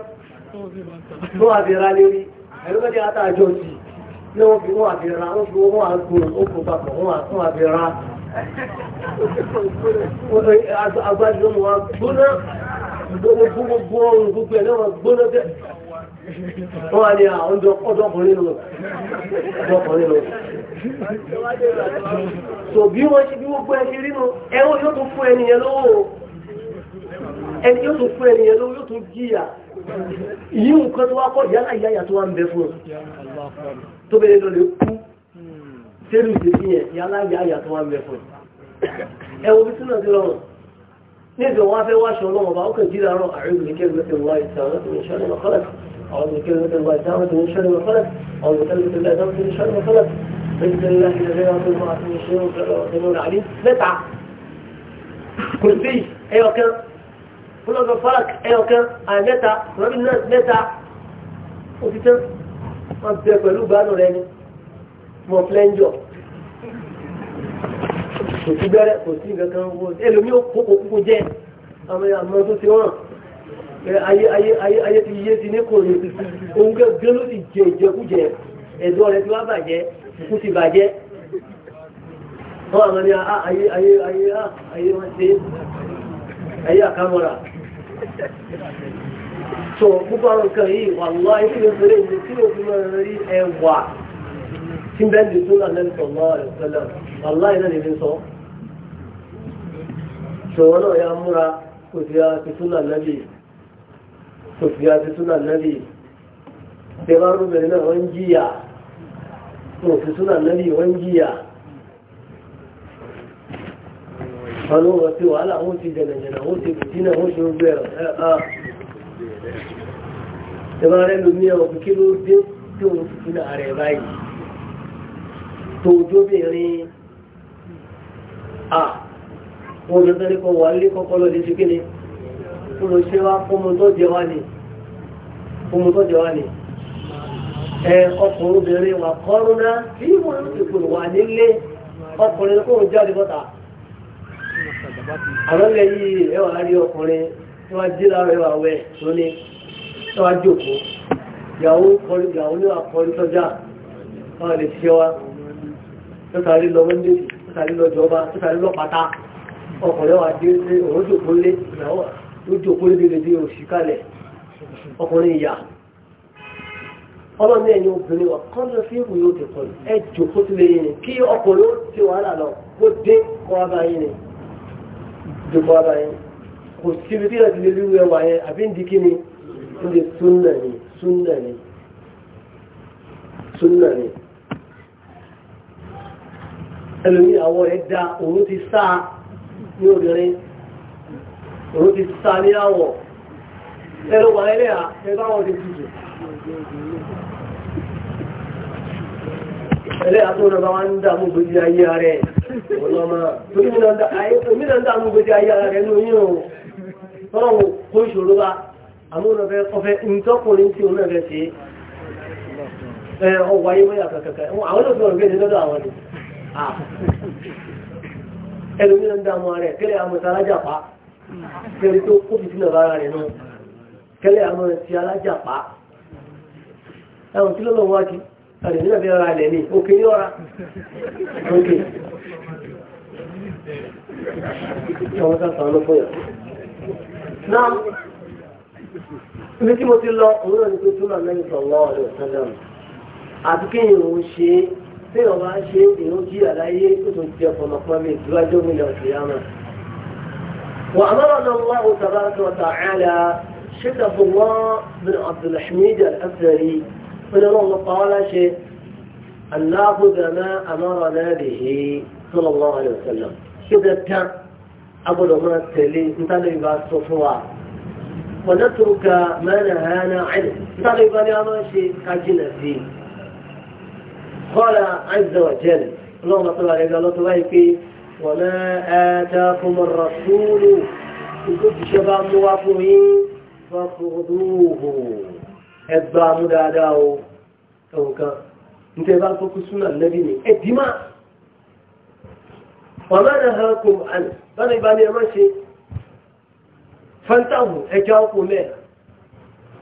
tó wà fi ra lérí ẹ̀rọ mẹ́jẹ́ àtàjọ́ sí ní wọ́n fi wọ́n àfi ra wọ́n fi wọ́n àgbò ó kò papọ̀ wọ́n àfi ra agbájú ọmọ wa gbóná gbogbo gbogbo ọrùn gbogbo ẹ̀ náà so bí wọ́n ṣe bí gbogbo yóò tún fún lówó ẹni yóò tún fún tẹ́lù ìdíjí yẹn ti aláàgbé àyà tó wá mẹ́fọ́ ẹwọ bí súnà ti rọrùn ní ìgbà wọn fẹ́ wáṣọ ọlọ́wọ́ bá ọkàn jíra rọ àrùn ìgbìkẹ́ mẹ́tẹ̀ wá ìtàwọn tó ń ṣọ́nà mọ́kànlá أعوذ بك من شر ما خلق أعوذ بك من شر ما شر ما خلق بسم الله الذي لا يضر مع اسمه شيء وهو العليم متعة كرسي أيوة كان كل هذا فرق أيوة كان أنا متعة كل الناس متعة وفي تن ما بتقبلوا بانوا لاني mọ̀flẹ́njọ́ kò sí bẹ́rẹ̀ kò sí nǹkan kan wọ́n ẹlòmí ó kókò kúkú jẹ́ àmọ́ tó ti wọ́n ayé ayé ayé ayé ti yé ti ní kò ní ohun gẹ́gẹ́ ló ti jẹ ìjẹkújẹ ẹ̀dọ́ rẹ̀ ti wá bàjẹ́ kú ti bàjẹ́ wọ́n àwọn ní ah, ayé ayé ayé ah, ayé wọ́n ṣe ayé àkámọ́ra so púpọ̀ àwọn nǹkan yìí wà lọ́ ayé kí ló fẹ́rẹ̀ ìlú kí ló fi máa rí ẹwà tí ń bẹ́ẹ̀ lè tó náà lẹ́nu sọ̀rọ̀ ọ̀rẹ́ pẹ̀lú aláì náà lè fi sọ. ṣòwò náà ya múra kò sí àti súnà lẹ́bì kò sí àti súnà lẹ́bì tẹ bá rú bẹ̀rẹ̀ náà wọ́n ń jìyà kò sí súnà lẹ́bì wọ́n ń jìyà. wọn ló wọ́n ti wàhálà wọ́n ti jẹ̀nàjẹ̀nà wọ́n ti bùtínà tó ojóbìnrin à wọ́n lọ tẹ́lẹ̀ kọ́ wà lé kọ́kọ́ lọ lè ṣe kí ni kó lọ ṣe wá fún ọmọ tó jẹ wá ni fún ọmọ tó jẹ wá ni ẹ ọkùnrin obìnrin wà kọ́rún náà tí wọ́n ń fi kùn wà nílé ọkùnrin kó jáde bọ́ta àwọn ilẹ̀ yìí ẹ wà rí ọkùnrin tí wọ́n jí láàárọ̀ ẹwà wẹ̀ lónìí tí wọ́n jókòó ìyàwó ní àkọrí tọ́jà wọ́n lè ṣe wá tọ́tàrí lọ mẹ́ndé tọ́tàrí lọ jọba tọ́tàrí lọ pátá ọkùnrin wa dé ní òun jòkó lé ìyàwó ó jòkó lé bèbè bí òsì kalẹ̀ ọkùnrin ìyà ọlọ́ni ẹ̀yin obìnrin wa kọ́ lọ sí ìwòye òkè kan ẹ jòkó tó lè yín ni kí ọkùnrin ó ti wàhálà lọ kó dé kọ́ wá báyìí ni jòkó wá báyìí kò síbi tí ìrẹsì lè lúwẹ̀ wà yẹn àbí ń di kí ni ń di súnà ni súnà ni súnà ni ẹlòmí àwọ̀ rẹ̀ dá òun ti sáà ní obìnrin òun ti sáà ní àwọ̀ ẹlò wà ẹlẹ́ à ẹgbẹ́ àwọn ti tutù ẹlẹ́ àtọ́ ọ̀nà bá wá ń dààmú gbèjì ayé rẹ̀ ọlọ́mọ torí mi náà ń dààmú gbèjì ayé rẹ̀ ní oyún o tọ́lọ̀ wò kó ìṣòro bá àmúnà fẹ́ ọfẹ́ ìtọ́kùnrin tí òun náà fẹ́ ṣe ọwọ́ ayé mọ́ yà àwọn olóògbé ọ̀gbẹ́ni lọ́dọ̀ àwọn ni Ah. ẹnu ní ń dámọ́ rẹ̀ kẹ́lẹ̀ àmọ́ ti alájàpá kẹ́lẹ̀ tó kó fìtínà bára rẹ̀ náà kẹ́lẹ̀ àmọ́ ti alájàpá ẹ̀wọ̀n tí lọ́lọ́ wájú àti nínú ìbẹ̀rẹ̀ alẹ̀ ní òkè ní ọ̀rá òkè ọmọ sáfà ọ̀nà fún yàn náà ibi tí mo ti lọ òun náà ni pé túnmọ̀ lẹ́yìn sọ̀rọ̀ bí wọn máa ń ṣe èèyàn jí àláyé tó tó jẹ ọ̀pọ̀lọpọ̀ mi ìdúrájọ mílíọ̀n ìyáma. wà á máa lọ wá o tàbá tó ta àlà ṣíkà fún wọn bí abdulhamid al-afdari wọn lọ wọn pa wọn láṣẹ aláàbùdàmá àmọ́ra náà lè ṣe sallallahu alaihi wasallam kí bẹ tán agbọ́dọ̀ máa tẹ̀lé ntàlẹ́ ìbá sọ fún wa ونترك ما نهانا عنه. تعرف أنا ما قال عز وجل اللهم صل على قال الله وما آتاكم الرسول كنت شباب موافقين فخذوه ẹgbà mú dáadáa o ẹwùnkan nítorí bá kókó súnà lẹ́bí ni ẹ̀dí máa wọ́n máa náà hàn kò àná lọ́nà ìgbà ni ẹ máa ṣe fẹ́ntàwù ẹjọ́ kò mẹ́ẹ̀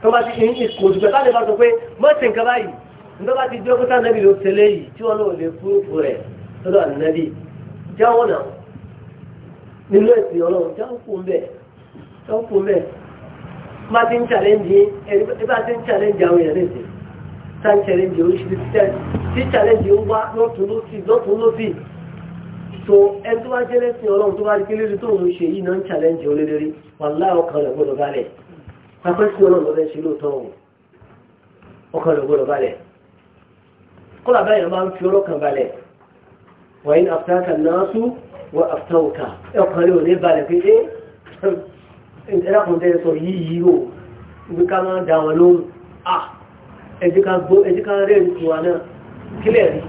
tó bá ti ṣe ń ṣe kò dùgbẹ́ ká lè bá sọ pé mọ́sìn kan báyìí ndọ́ba ti dúró kúta nàbì ló tẹ̀lé yìí tí wọn náà lè fúrufú rẹ̀ lọ́dọ̀ ànábì jáwọ́ náà nínú ẹ̀sìn ọlọ́run jáwọ́ kó ń bẹ̀ jáwọ́ kó ń bẹ̀ bá ti ń challenge ẹni bá ti ń challenge àwọn èèyàn lẹ́sìn tá ń challenge oríṣiríṣi tẹ́lẹ̀ tí challenge ń wá lọ́tún lọ́sì lọ́tún lọ́sì tó ẹni tó bá jẹ́ lẹ́sìn ọlọ́run tó bá di kílódé tó ń ṣe yìí náà ń challenge olélẹ́rí wàláhì ọkàn rẹ̀ gbọ́dọ̀ balẹ̀ kọ́lá báyìí máa ń fi ọlọ́kàn balẹ̀ wàyí àfẹ́kà náà sú wà àfẹ́kà ẹ̀kọ́ lè ní balẹ̀ pé é eh, ẹ̀dàkùnrin sọ yìí yìí o ibi ká máa dà wọn lóhùn à ẹ̀dí ká rẹ̀ ní náà kílẹ̀ rí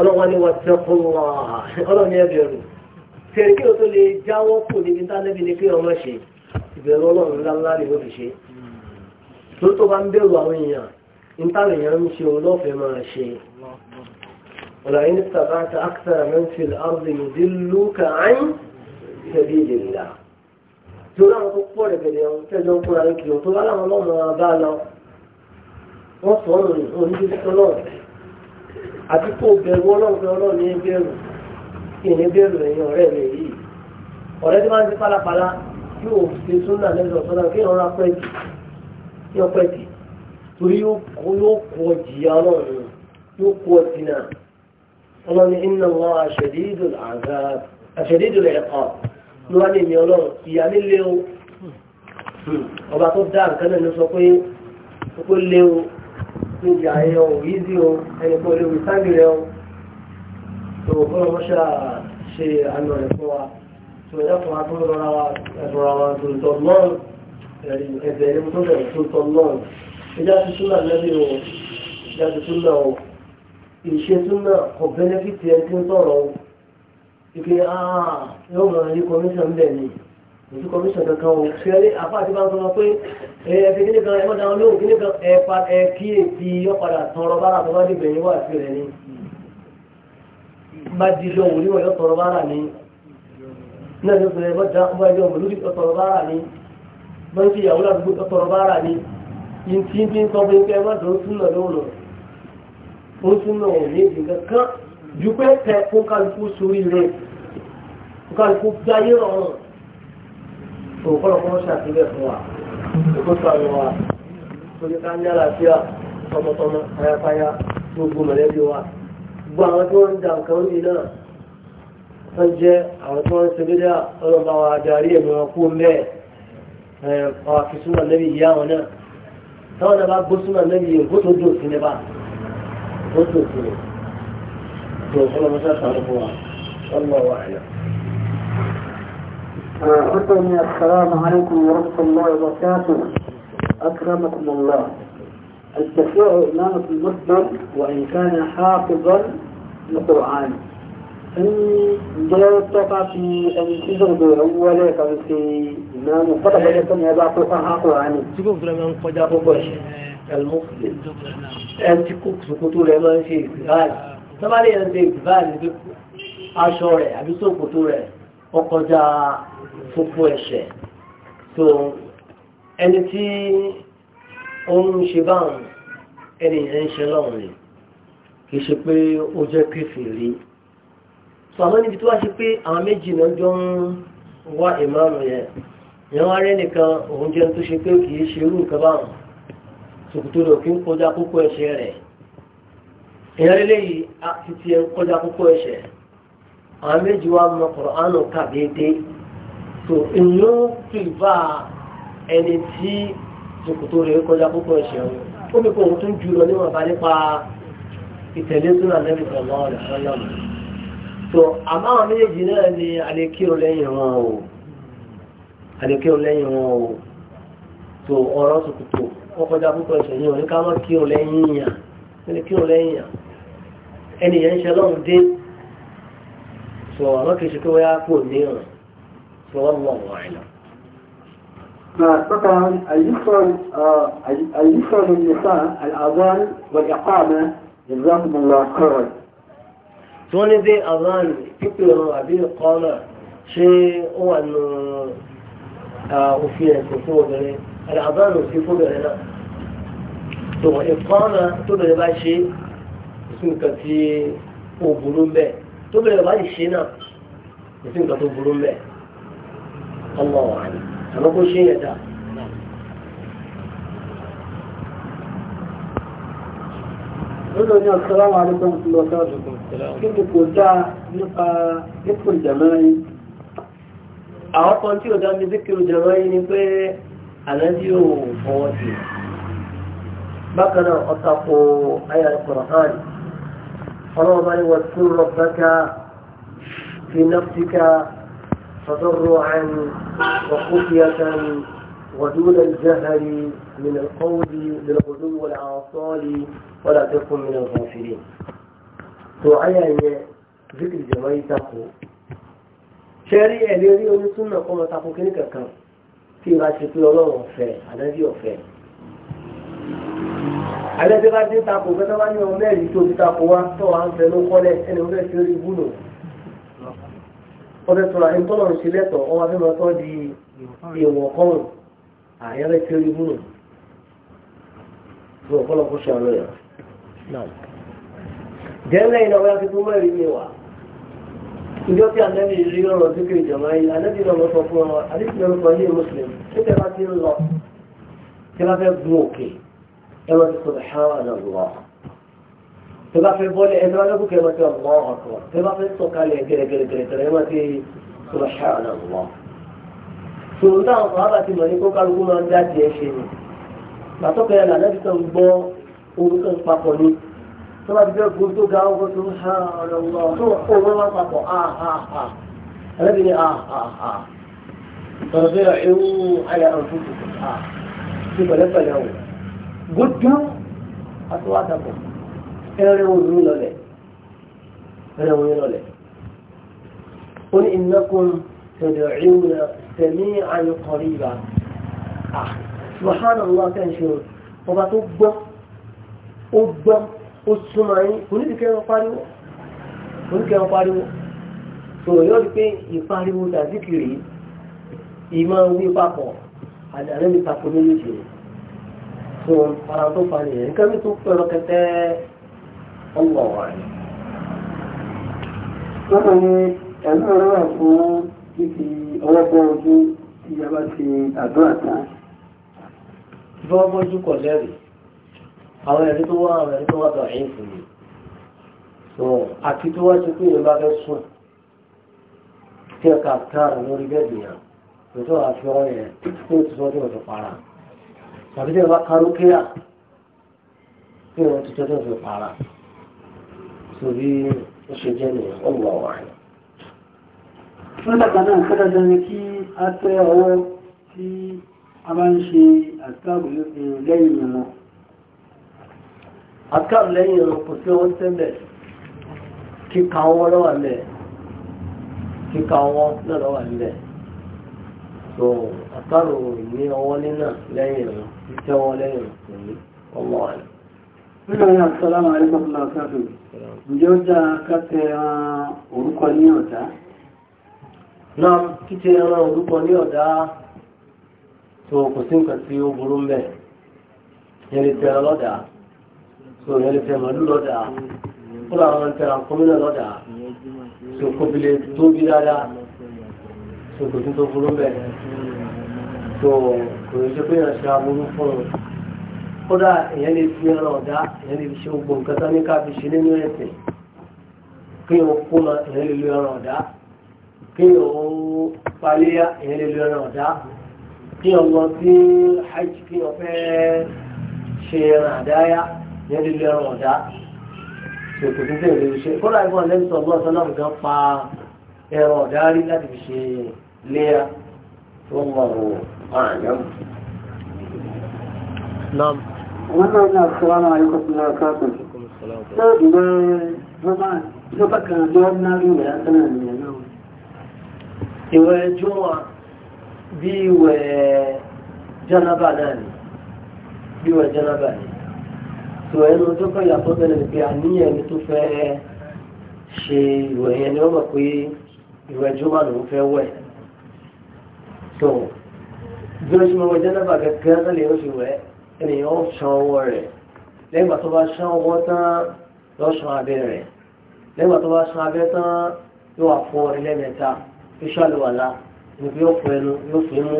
ọlọ́wọ́ ni wọ́n ti fún wa ọlọ́ni ẹbẹ̀rù fẹ́rẹ̀ kí o tó lè jáwọ́ kò níbi tánẹ́bí ni pé ọmọ ṣe ìbẹ̀rù ọlọ́run ńláńlá ni ó fi ṣe tó tó bá ń bẹ̀rù àwọn èèyàn ìtàwọn èèyàn ń ṣe òun lọ́fẹ̀ẹ́ máa ṣe ọ̀làyín sàbáta akthara man fil ardi yudilluka an sabilillah tó láwọn tó pọ̀ rẹ̀gẹ̀dẹ̀ ọ̀hún tẹ́jọ́ ń kí wọ́n tó bá láwọn ọlọ́run bá lọ wọ́n sọ ọ́nà òní àti kó bẹ̀rù ọlọ́run ọlọ́run ní bẹ̀rù kí ní bẹ̀rù ẹ̀yìn ọ̀rẹ́ rẹ̀ yìí ọ̀rẹ́ tí wọ́n ti pálapàla kí o ṣe súnà lẹ́sọ̀ sọ́dọ̀ kí ìrora pẹ́ tì kí ọ pẹ́ tì torí yóò kó jìyà ọlọ́run yóò kó ọtí náà ọlọ́run iná wọn àṣẹ̀dídò ẹ̀kọ́ ló wá ní ìmì ọlọ́run ìyá nílé o ọba tó dá nǹkan náà ló sọ pé ó léwu níbi àyẹ o yízi o ẹnìkan olórí sáàbì rẹ o tó kọ́nà mọ́ṣá ṣe àná rẹ̀ fún wa tó ẹ̀dá fún wa tó ń rọra wa ẹ̀rọra wa tó ń tọ́ lọ́rùn ẹ̀bẹ̀ ẹni tó bẹ̀rẹ̀ tó ń tọ́ lọ́rùn ẹjá ti ojú kọmíṣọ̀ kankan o ṣẹ́rí àfáàtí bá ń sọ pé ẹ̀ẹ́fẹ́ kíní kan ẹ̀mọ́ta wọn lóhùn kíní kan ẹ̀ẹ́fà ẹ̀kíyèsí yọ́padà tọrọ bára tó bá dìbẹ̀ yín wà sí rẹ̀ ni bá di lọ òní wọ̀ yọ tọrọ bára ni náà ló fẹ́ bọ́ da bọ́ ẹjọ́ mọ̀lúdì yọ tọrọ bára ni bọ́ ti yàwó ládùúgbò yọ tọrọ bára ni yín tí ń bí ń sọ pé kẹ́ ẹ̀mọ́ta ó sún náà lóhùn ó sún náà ò ní ìdí kankan ju pé tẹ fún kálukú sórí rẹ̀ kálukú tó kọ́lọ̀ kọ́ ṣàtúnbẹ̀ fún wa kó sànù wa torí ká ní àlàáfíà tọmọtọmọ ayapaya gbogbo mọ̀lẹ́bí wa gbogbo àwọn tí wọ́n ń da nǹkan orí náà wọ́n jẹ́ àwọn tí wọ́n ń ṣe dédé ọlọ́mọba wa darí ẹ̀mí wọn kú mẹ́ẹ̀ ọ̀rọ̀ fi súnmọ̀ lẹ́bí ìyá wọn náà táwọn náà bá gbó súnmọ̀ lẹ́bí yìí kó tó dùn sí ní bá kó tó dùn sí ní. tó kọ́lọ̀ mọ́ṣáṣá ló fún wa wọ́n lọ́wọ́ àyà. إخواني السلام عليكم ورحمة الله وبركاته أكرمكم الله الشفيع إمامة المصدر وإن كان حافظا للقرآن إني جاءت في أن تجر كان في إمام قطب لكم يضع فقها قرآني تقوم لمن قد أبوش المسلم أنت كوك سكوتو لمن في إقبال طبعا أنت إقبال عشوري أبي سكوتو ọkọjá fúnfún ẹ̀ṣẹ̀ tó ẹni tí ó ń ṣe báwọn ẹni yẹn ṣe lọ́rùn rẹ̀ kì í ṣe pé ó jẹ́ rí tó àmọ́ níbi tó wá ṣe pé àwọn méjì náà jọ ń wá ìmáàmù yẹn wá rẹ́ nìkan òun jẹ́ tó ṣe pé kì í ṣe irú nǹkan báwọn rẹ̀ kí ń kọjá so èyí ó pìlìfà ẹni tí jòkòtò rẹ̀ kọjá púpọ̀ ẹ̀ṣẹ̀ wọn ó ní kó òun tún jù lọ níwọ̀n bá nípa ìtẹ̀lé tó náà lẹ́bi sọ̀rọ̀ rẹ̀ sọ́nà mi so àmọ́ àwọn méjèèjì náà ni àlékírun lẹ́yìn wọn o so ọ̀rọ̀ ṣòkòtò wọ́n kọjá púpọ̀ ẹ̀ṣẹ̀ yìí òní ká mọ́ kírun lẹ́yìn yàn ó ẹni yẹn ń ṣe lọ́run so àwọn kìí ṣe pé والله أعلم فمثلا اليسر آه، اليسر النساء الأذان والإقامة جزاكم الله خيرا توني دي أذان كتير أبي قال شيء هو أنه آه، أفيد في فوق الأذان في فوق هنا تو إقامة تبقى لباي شيء اسم كتير وبرومبه تبقى لباي شيء نعم اسم كتير وبرومبه Allahu a'lam àmọ́ kó ṣe yẹn dáa. lọ́dọ̀ ní ọ̀sọ́láwà alẹ́gbọ́n tí lọ sọ́dọ̀ kíkù kò dáa nípa ipò ìjàmọ́rin àwọn kan tí ó dá mi síkìrì ìjàmọ́rin ni pé àlẹ́dí ò fọwọ́ sí bákan náà ọ̀tàkù ayà Al-Qur'an ọlọ́wọ́ bá ní wọ́n tún lọ bákà fi náà تضرعا وخفية ودون الجهل من القول بالغدو والعصال ولا تكن من الغافلين تعالى ذكر جماعي تقو شاري أليري ونسمى قوم تقو كنك كم في راشد الله وفاء أنا في وفاء على ذلك تقو كتباني ومالي تو تقوى تو عن فنو قولة أنا ولا شاري ọdẹ tó ra ẹni tọ́lọ̀ ń ṣe lẹ́tọ̀ọ́ wọn fẹ́ máa tọ́ di ìwọ̀n kọ́rùn àyẹ́rẹ́ tí ó rí múnù ní ọ̀pọ̀lọpọ̀ ṣàánú rẹ̀. jẹ́ńlẹ̀ iná wáyà fi fún mẹ́rin ní wa ìjọ tí anẹ́bí rí ọ̀rọ̀ dúkìá ìjọba yìí anẹ́bí náà sọ fún ọ àdéhùn náà sọ yé mùsùlùmí tí tẹ́lá ti ń lọ tẹ́lá fẹ́ gun òkè ẹ̀rọ ti sọ̀rọ̀ tẹ́lá fẹ́ bọ́lẹ̀ ẹni wọn lọ́kùnkẹ́ ẹ máa ti ọmọ ọ̀tọ̀ tẹ́lá fẹ́ sọ̀kalẹ̀ gẹ̀rẹ́gẹ̀rẹ́gẹ̀rẹ́ ẹ máa ti subhanallah. sòrò táwọn kan bá ti mọ̀ ní kó kálukú máa ń dá tiẹ̀ ṣe ni bàtọ́kẹ́ ẹ̀ lànà ìtàn gbọ́ orúkọ papọ̀ ni tó bá ti fẹ́ gbó tó ga ọkọ̀ tó ń ha ọ̀rọ̀ ọ̀rọ̀ tó òun máa papọ̀ ahaha ah. ẹlẹ́bi ni ahaha ah. tọ̀rọ̀ fẹ́ ewu ayé àrùn tó ẹrẹ ohun mi lọlẹ̀ ẹrẹ ohun mi lọlẹ̀ ó ní ìnákun tẹ̀lẹ̀ ìwé tẹ̀mí àyọkọ̀rí ìbá subahana allah tẹ̀ ń ṣe ọba tó gbọ́ ó gbọ́ ó súnmọ́ yín onídìkẹ́ wọn pariwo onídìkẹ́ wọn pariwo sọ̀rọ̀ yọ́ di pé ìpariwo tàbíkiri ìmọ̀ wí papọ̀ àdàrẹ́ mi papọ̀ méjèèjì sọ̀rọ̀ ara tó ọwọ́ wà ní. Lọ́pọ̀ ni ẹ̀mí ọ̀rọ̀ wà fún fífi ọwọ́ bọ́ ojú tí a bá ti àdúrà tán. Bọ́ bọ́jú kọ̀ lẹ́rìí. Àwọn ẹ̀rí tó wá àwọn ẹ̀rí tó wá bọ̀ ẹ̀yìn fún mi. Àti tó wá ṣe pé èèyàn bá fẹ́ sùn. Tí ẹ kà tá àrùn lórí bẹ́ẹ̀dì yàn. Tòótọ́ àfi ọ̀rọ̀ yẹn tó ti sọ́ tí para. Tàbí tí ẹ bá karókè à. Tí wọ́n ti tọ́jú ọ̀fẹ́ para torí ó ṣe jẹ́ ní ọgbà wà ní. wọ́n dàgbà náà kọ́dà jẹun kí a tẹ ọwọ́ tí a bá ń ṣe àtàbù lẹ́yìn wọn. àtàbù lẹ́yìn wọn kò sí ọwọ́ tẹ́lẹ̀ kíka ọwọ́ lọ́wọ́ lẹ̀ kíka ọwọ́ lọ́wọ́ lẹ̀ so àtàbù ní ọwọ́ nínà lẹ́yìn wọn ìtẹ́wọ́ lẹ́yìn wọn kò ní ọmọ wa ní. Wọ́n dàgbà náà sọ́lá máa rí bọ́kúnlá káfíńsì ǹjẹ́ ó dáa kápẹ́ ẹran orúkọ ní ọ̀dá náà títẹ ẹran orúkọ ní ọ̀dá tó kò sí nǹkan tí ó burú ń bẹ̀ yẹn lè tẹran lọ́dà tó yẹn lè tẹ màálù lọ́dà kó làwọn tẹran kọ́mínà kódà èèyàn lè fi ẹran ọ̀dá èèyàn lè fi ṣe gbogbo nǹkan tó ní ká fi ṣe nínú ẹ̀sìn kí wọ́n kó ma èèyàn lè lo ẹran ọ̀dá kí wọ́n paléyà èèyàn lè lo ẹran ọ̀dá kí wọ́n lọ sí hajj kí wọ́n fẹ́ ṣe ẹran àdáyà èèyàn lè lo ẹran ọ̀dá ṣètò tó tẹ̀lé lè ṣe kódà ìfọ̀n lẹ́yìn sọ ọgbọ́n sọ náà gan pa ẹran ọ̀dá rí láti fi ṣe léyà tó mọ̀ ọ́ àyàn. Nam wannan na assalamu alaikum wa rahmatullahi sai duba zama zaba kan da wannan ruwa ya tsana ne ya nawa ìwẹ̀ jùmọ̀ bí ìwẹ̀ jẹ́nàbà náà ni bí ìwẹ̀ jẹ́nàbà ni tó ẹnu tó kọ́ ìyàtọ̀ bẹ̀rẹ̀ pé àníyàn ni tó fẹ́ ṣe ìwẹ̀ yẹn ni wọ́n fẹ́ wẹ̀ tó bí wọ́n ṣe mọ̀ wẹ̀ jẹ́nàbà gẹ́gẹ́ lè ń ṣe wẹ̀ ènìyàn ó ṣan ọwọ́ rẹ̀ lẹ́gbà tó bá ṣan ọwọ́ tán lọ́ṣan abẹ́ rẹ̀ lẹ́gbà tó bá ṣan abẹ́ tán yóò wà fọ orí lẹ́mẹ̀ta tó ṣàlùwàlá níbi yóò fọ ẹnu yóò fi mú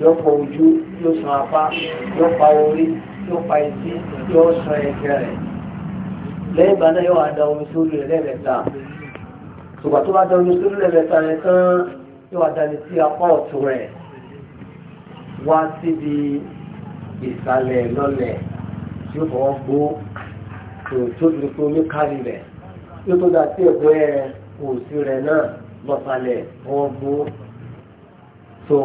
yóò fọ ojú yóò ṣan apá yóò pa orí yóò pa etí yóò ṣan ẹ̀kẹ́ rẹ̀ lẹ́yìn náà yóò wá da omi sórí rẹ̀ lẹ́mẹ̀ta ṣùgbọ́n tó bá da omi sórí lẹ́mẹ̀ta rẹ̀ tán yóò wá da sí apá ọ̀tún rẹ̀ wá síbi ìsàlẹ̀ lọ́lẹ̀ tí ó fọwọ́ gbó tó tó ti kó ní kárí rẹ̀ yóò tó dáa tí ẹ̀gbẹ́ òsì rẹ̀ náà lọ́sàlẹ̀ fọwọ́ gbó tó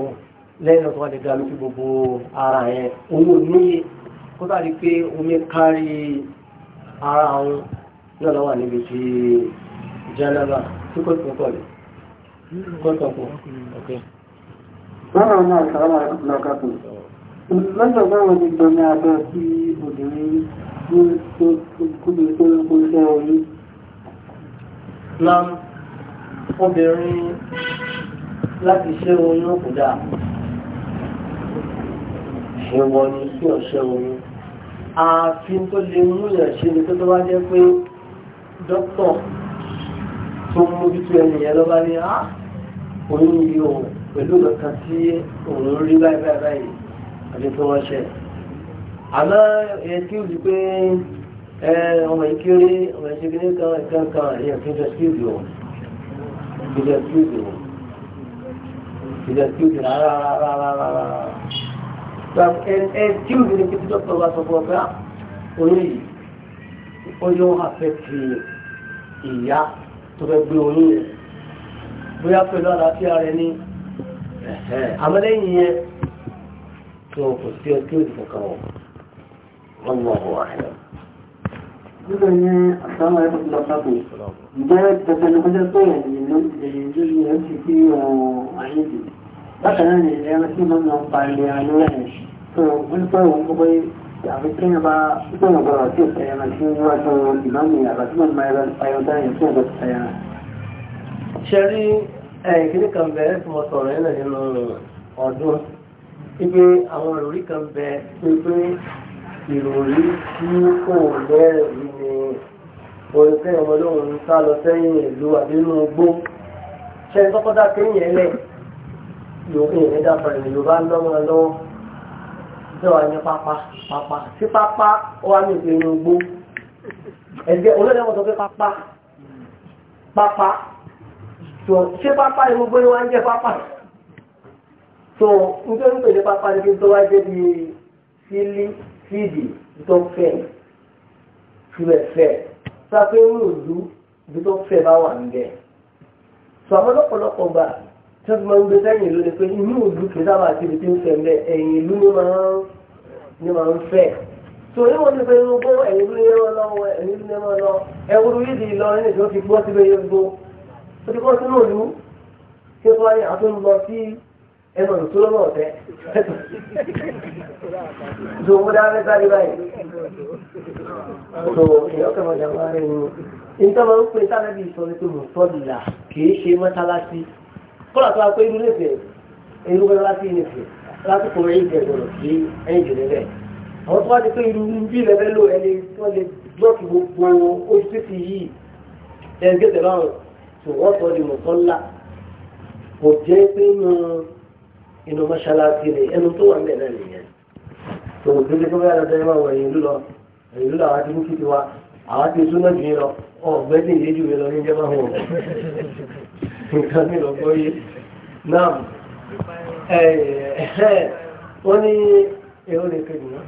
lẹ́yìn náà tó wà lè ga lókè gbogbo ara yẹn owó níye kó sáré pé omi kárí ara òun náà lọ́wọ́ níbi tí jẹ́nẹ́bà tí kò tó kọ̀lẹ̀ kó tó kọ̀ ọ̀kẹ́. Wọ́n náà máa sàrámà lọ́kàkùn lọ́jọ́ báwọn ni gbọmí abẹ́ sí obìnrin kúbìrì tó ń kó iṣẹ́ orí nam obìnrin láti ṣe oyún kò dáa ṣe wọ ni kí ọ ṣe oyún àfi tó lè mú yàn ṣe ni tó tó bá jẹ́ pé dókítọ̀ tó mú bítu ẹnìyàn lọ́ba ní á ah, oyún yìí o pẹ̀lú kankan tí òun rí báyìí báyìí àti tó wọ́n ṣe àmọ́ excuse pé ọmọ ìkéré ọmọ ìṣèkéré kan kan kan èèyàn kí n jẹ excuse o kí n jẹ excuse o kí n jẹ excuse rárá rárá rárá rárá excuse ni kí n dọ́kítọ̀ bá sọ fún ọ pé ah, oyún yìí ó yọ affect ìyá tó fẹ́ gbé oyún yẹn bóyá pẹ̀lú àlàáfíà rẹ ní àmọ́ lẹ́yìn yẹn tó kò sí ọtí òdì kankan wọ̀ ọmọ ọ̀hún àhẹ́. Nígbà yẹn àtàwọn ẹ̀kọ́ ti lọ sábò, ǹjẹ́ dandan ni kọjá pé ẹ̀yìn ló ti lórí ẹ̀ ti fi hàn ayé dì. Bákan náà ni ẹ̀rọ tí máa ń lọ pa ilẹ̀ alẹ́ rẹ̀ tó wọ́n pẹ́ òun gbogbo àfi kí ẹ bá kìnnìkan bẹ̀rẹ̀ tí mo sọ̀rọ̀ yẹn nínú ọdún wípé àwọn ìròrí kan bẹ pé pé ìròrí tí kò lẹ́rìí ni orin pé ọmọ lóhun ń sá lọ sẹ́yìn ìlú àbínú gbó ṣe tọ́kọ́dá kéyìn ẹlẹ́ yòókè yẹn dàpọ̀ ìlú bá lọ́mọ lọ́wọ́ ṣé wàá ní pápá pápá sí pápá ó wá ní ìpè inú gbó ẹgbẹ́ olóòdì ọmọ sọ pé pápá pápá ṣé pápá inú gbó ń jẹ́ pápá so nítorí pé ní pápá ní kí n tó wá débi sílí fídì tó fẹ́ fúlẹ̀ fẹ́ sáfẹ́ rúdú ibi tó fẹ́ so àwọn ọ̀pọ̀lọpọ̀ gbà tí wọ́n fi máa ń gbé sẹ́yìn ló ní pé inú òdú kì sábà ti ibi tí ń fẹ́ mbẹ́ ẹ̀yìn ìlú ni máa ń ni máa ń fẹ́ so ní wọ́n ti fẹ́ irun gbó ẹ̀yìn ìlú ni wọ́n lọ ẹ̀yìn ìlú ni wọ́n lọ ẹ̀wúrú yìí di Ìlọrin nìkan ti gbọ́ síbẹ̀ yẹn gbó ó ti kọ́ sínú òdú ṣé tó wáyé àtúntò lọ sí ẹnu ìṣúná náà tẹ tó mú dáa mẹ́ta rí báyìí tó ìyọkẹ mọ jàmbá rẹ ni níta máa ń pè sáré sọ ní pé mo sọ ìlà kìí ṣe mọ́tálásí kọ́lá tó wá pé irú lẹ́fẹ̀ irú mọ́tálásí lẹ́fẹ̀ lásìkò rẹ̀ ìjẹ̀ gbọ́dọ̀ sí ẹ̀yìn jù lẹ́fẹ̀ àwọn tó wá ti pé irú bí lẹ́fẹ̀ lò ẹni tó lè blọ́ọ̀kì gbogbo ojú títì yìí ẹ̀ẹ́dẹ́gbẹ̀rún tó wọ́n sọ di mọ̀tọ́lá kò jẹ́ pé mo inú mọ́ṣáláṣí rẹ̀ ẹnu tó wà ń bẹ̀ náà nìyẹn tó kò gbélé kọ́bí àlọ́ tẹ́lẹ̀ máa wọ ẹ̀yìn ìlú lọ ẹ̀yìn ìlú lọ àwọn ti mú kí tiwa àwọn ti súná jù yín lọ ọ̀gbẹ́ tí ìyé jù mí lọ ní jẹ́ máa wọ̀ nǹkan mi lọ gbọ́ yé náà wọ́n ní èrò lè kéde náà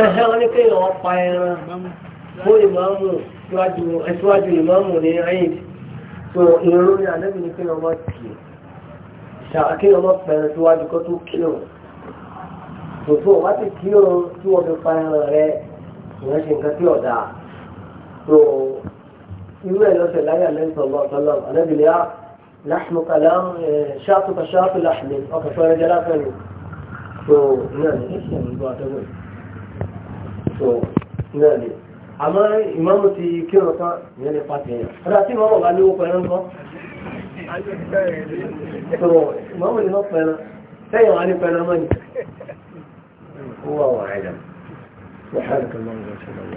ẹ̀hẹ́ wọ́n ní kéèyàn wọ́n pa ẹran fún ìmáàmù síwájú ìmáàmù ní ayé tó ìròyìn àdébìnrin ṣàkí ọmọ pẹ̀rẹ̀ síwájú kó tó kírun tòtò wá ti kírun tí wọ́n fi pa ẹran rẹ ìyẹn ṣe nǹkan tí ọ̀dà tó irú ẹ̀ lọ́sẹ̀ láyé àlẹ́sọ̀ lọ sọ́lọ́ àlẹ́bìlẹ́ á ah, láṣmù kàlá ṣáàtù kà ṣáàtù láṣmì ọkọ̀ tó ẹrẹ́jẹ́ láfẹ́ mi tó náà ní ẹ̀ṣẹ̀ ń gbọ́ àtẹ́wọ̀ tó náà ní àmọ́ ìmọ̀mù ti kírun tán ìyẹn lè pàtẹ́yàn ọ̀dà tí ìmọ̀mù bá ní owó pẹ̀lú ńkọ́ to imamu ne mafana sai yawa ne fana mani kowa wa alam wa halakallahu wa sallallahu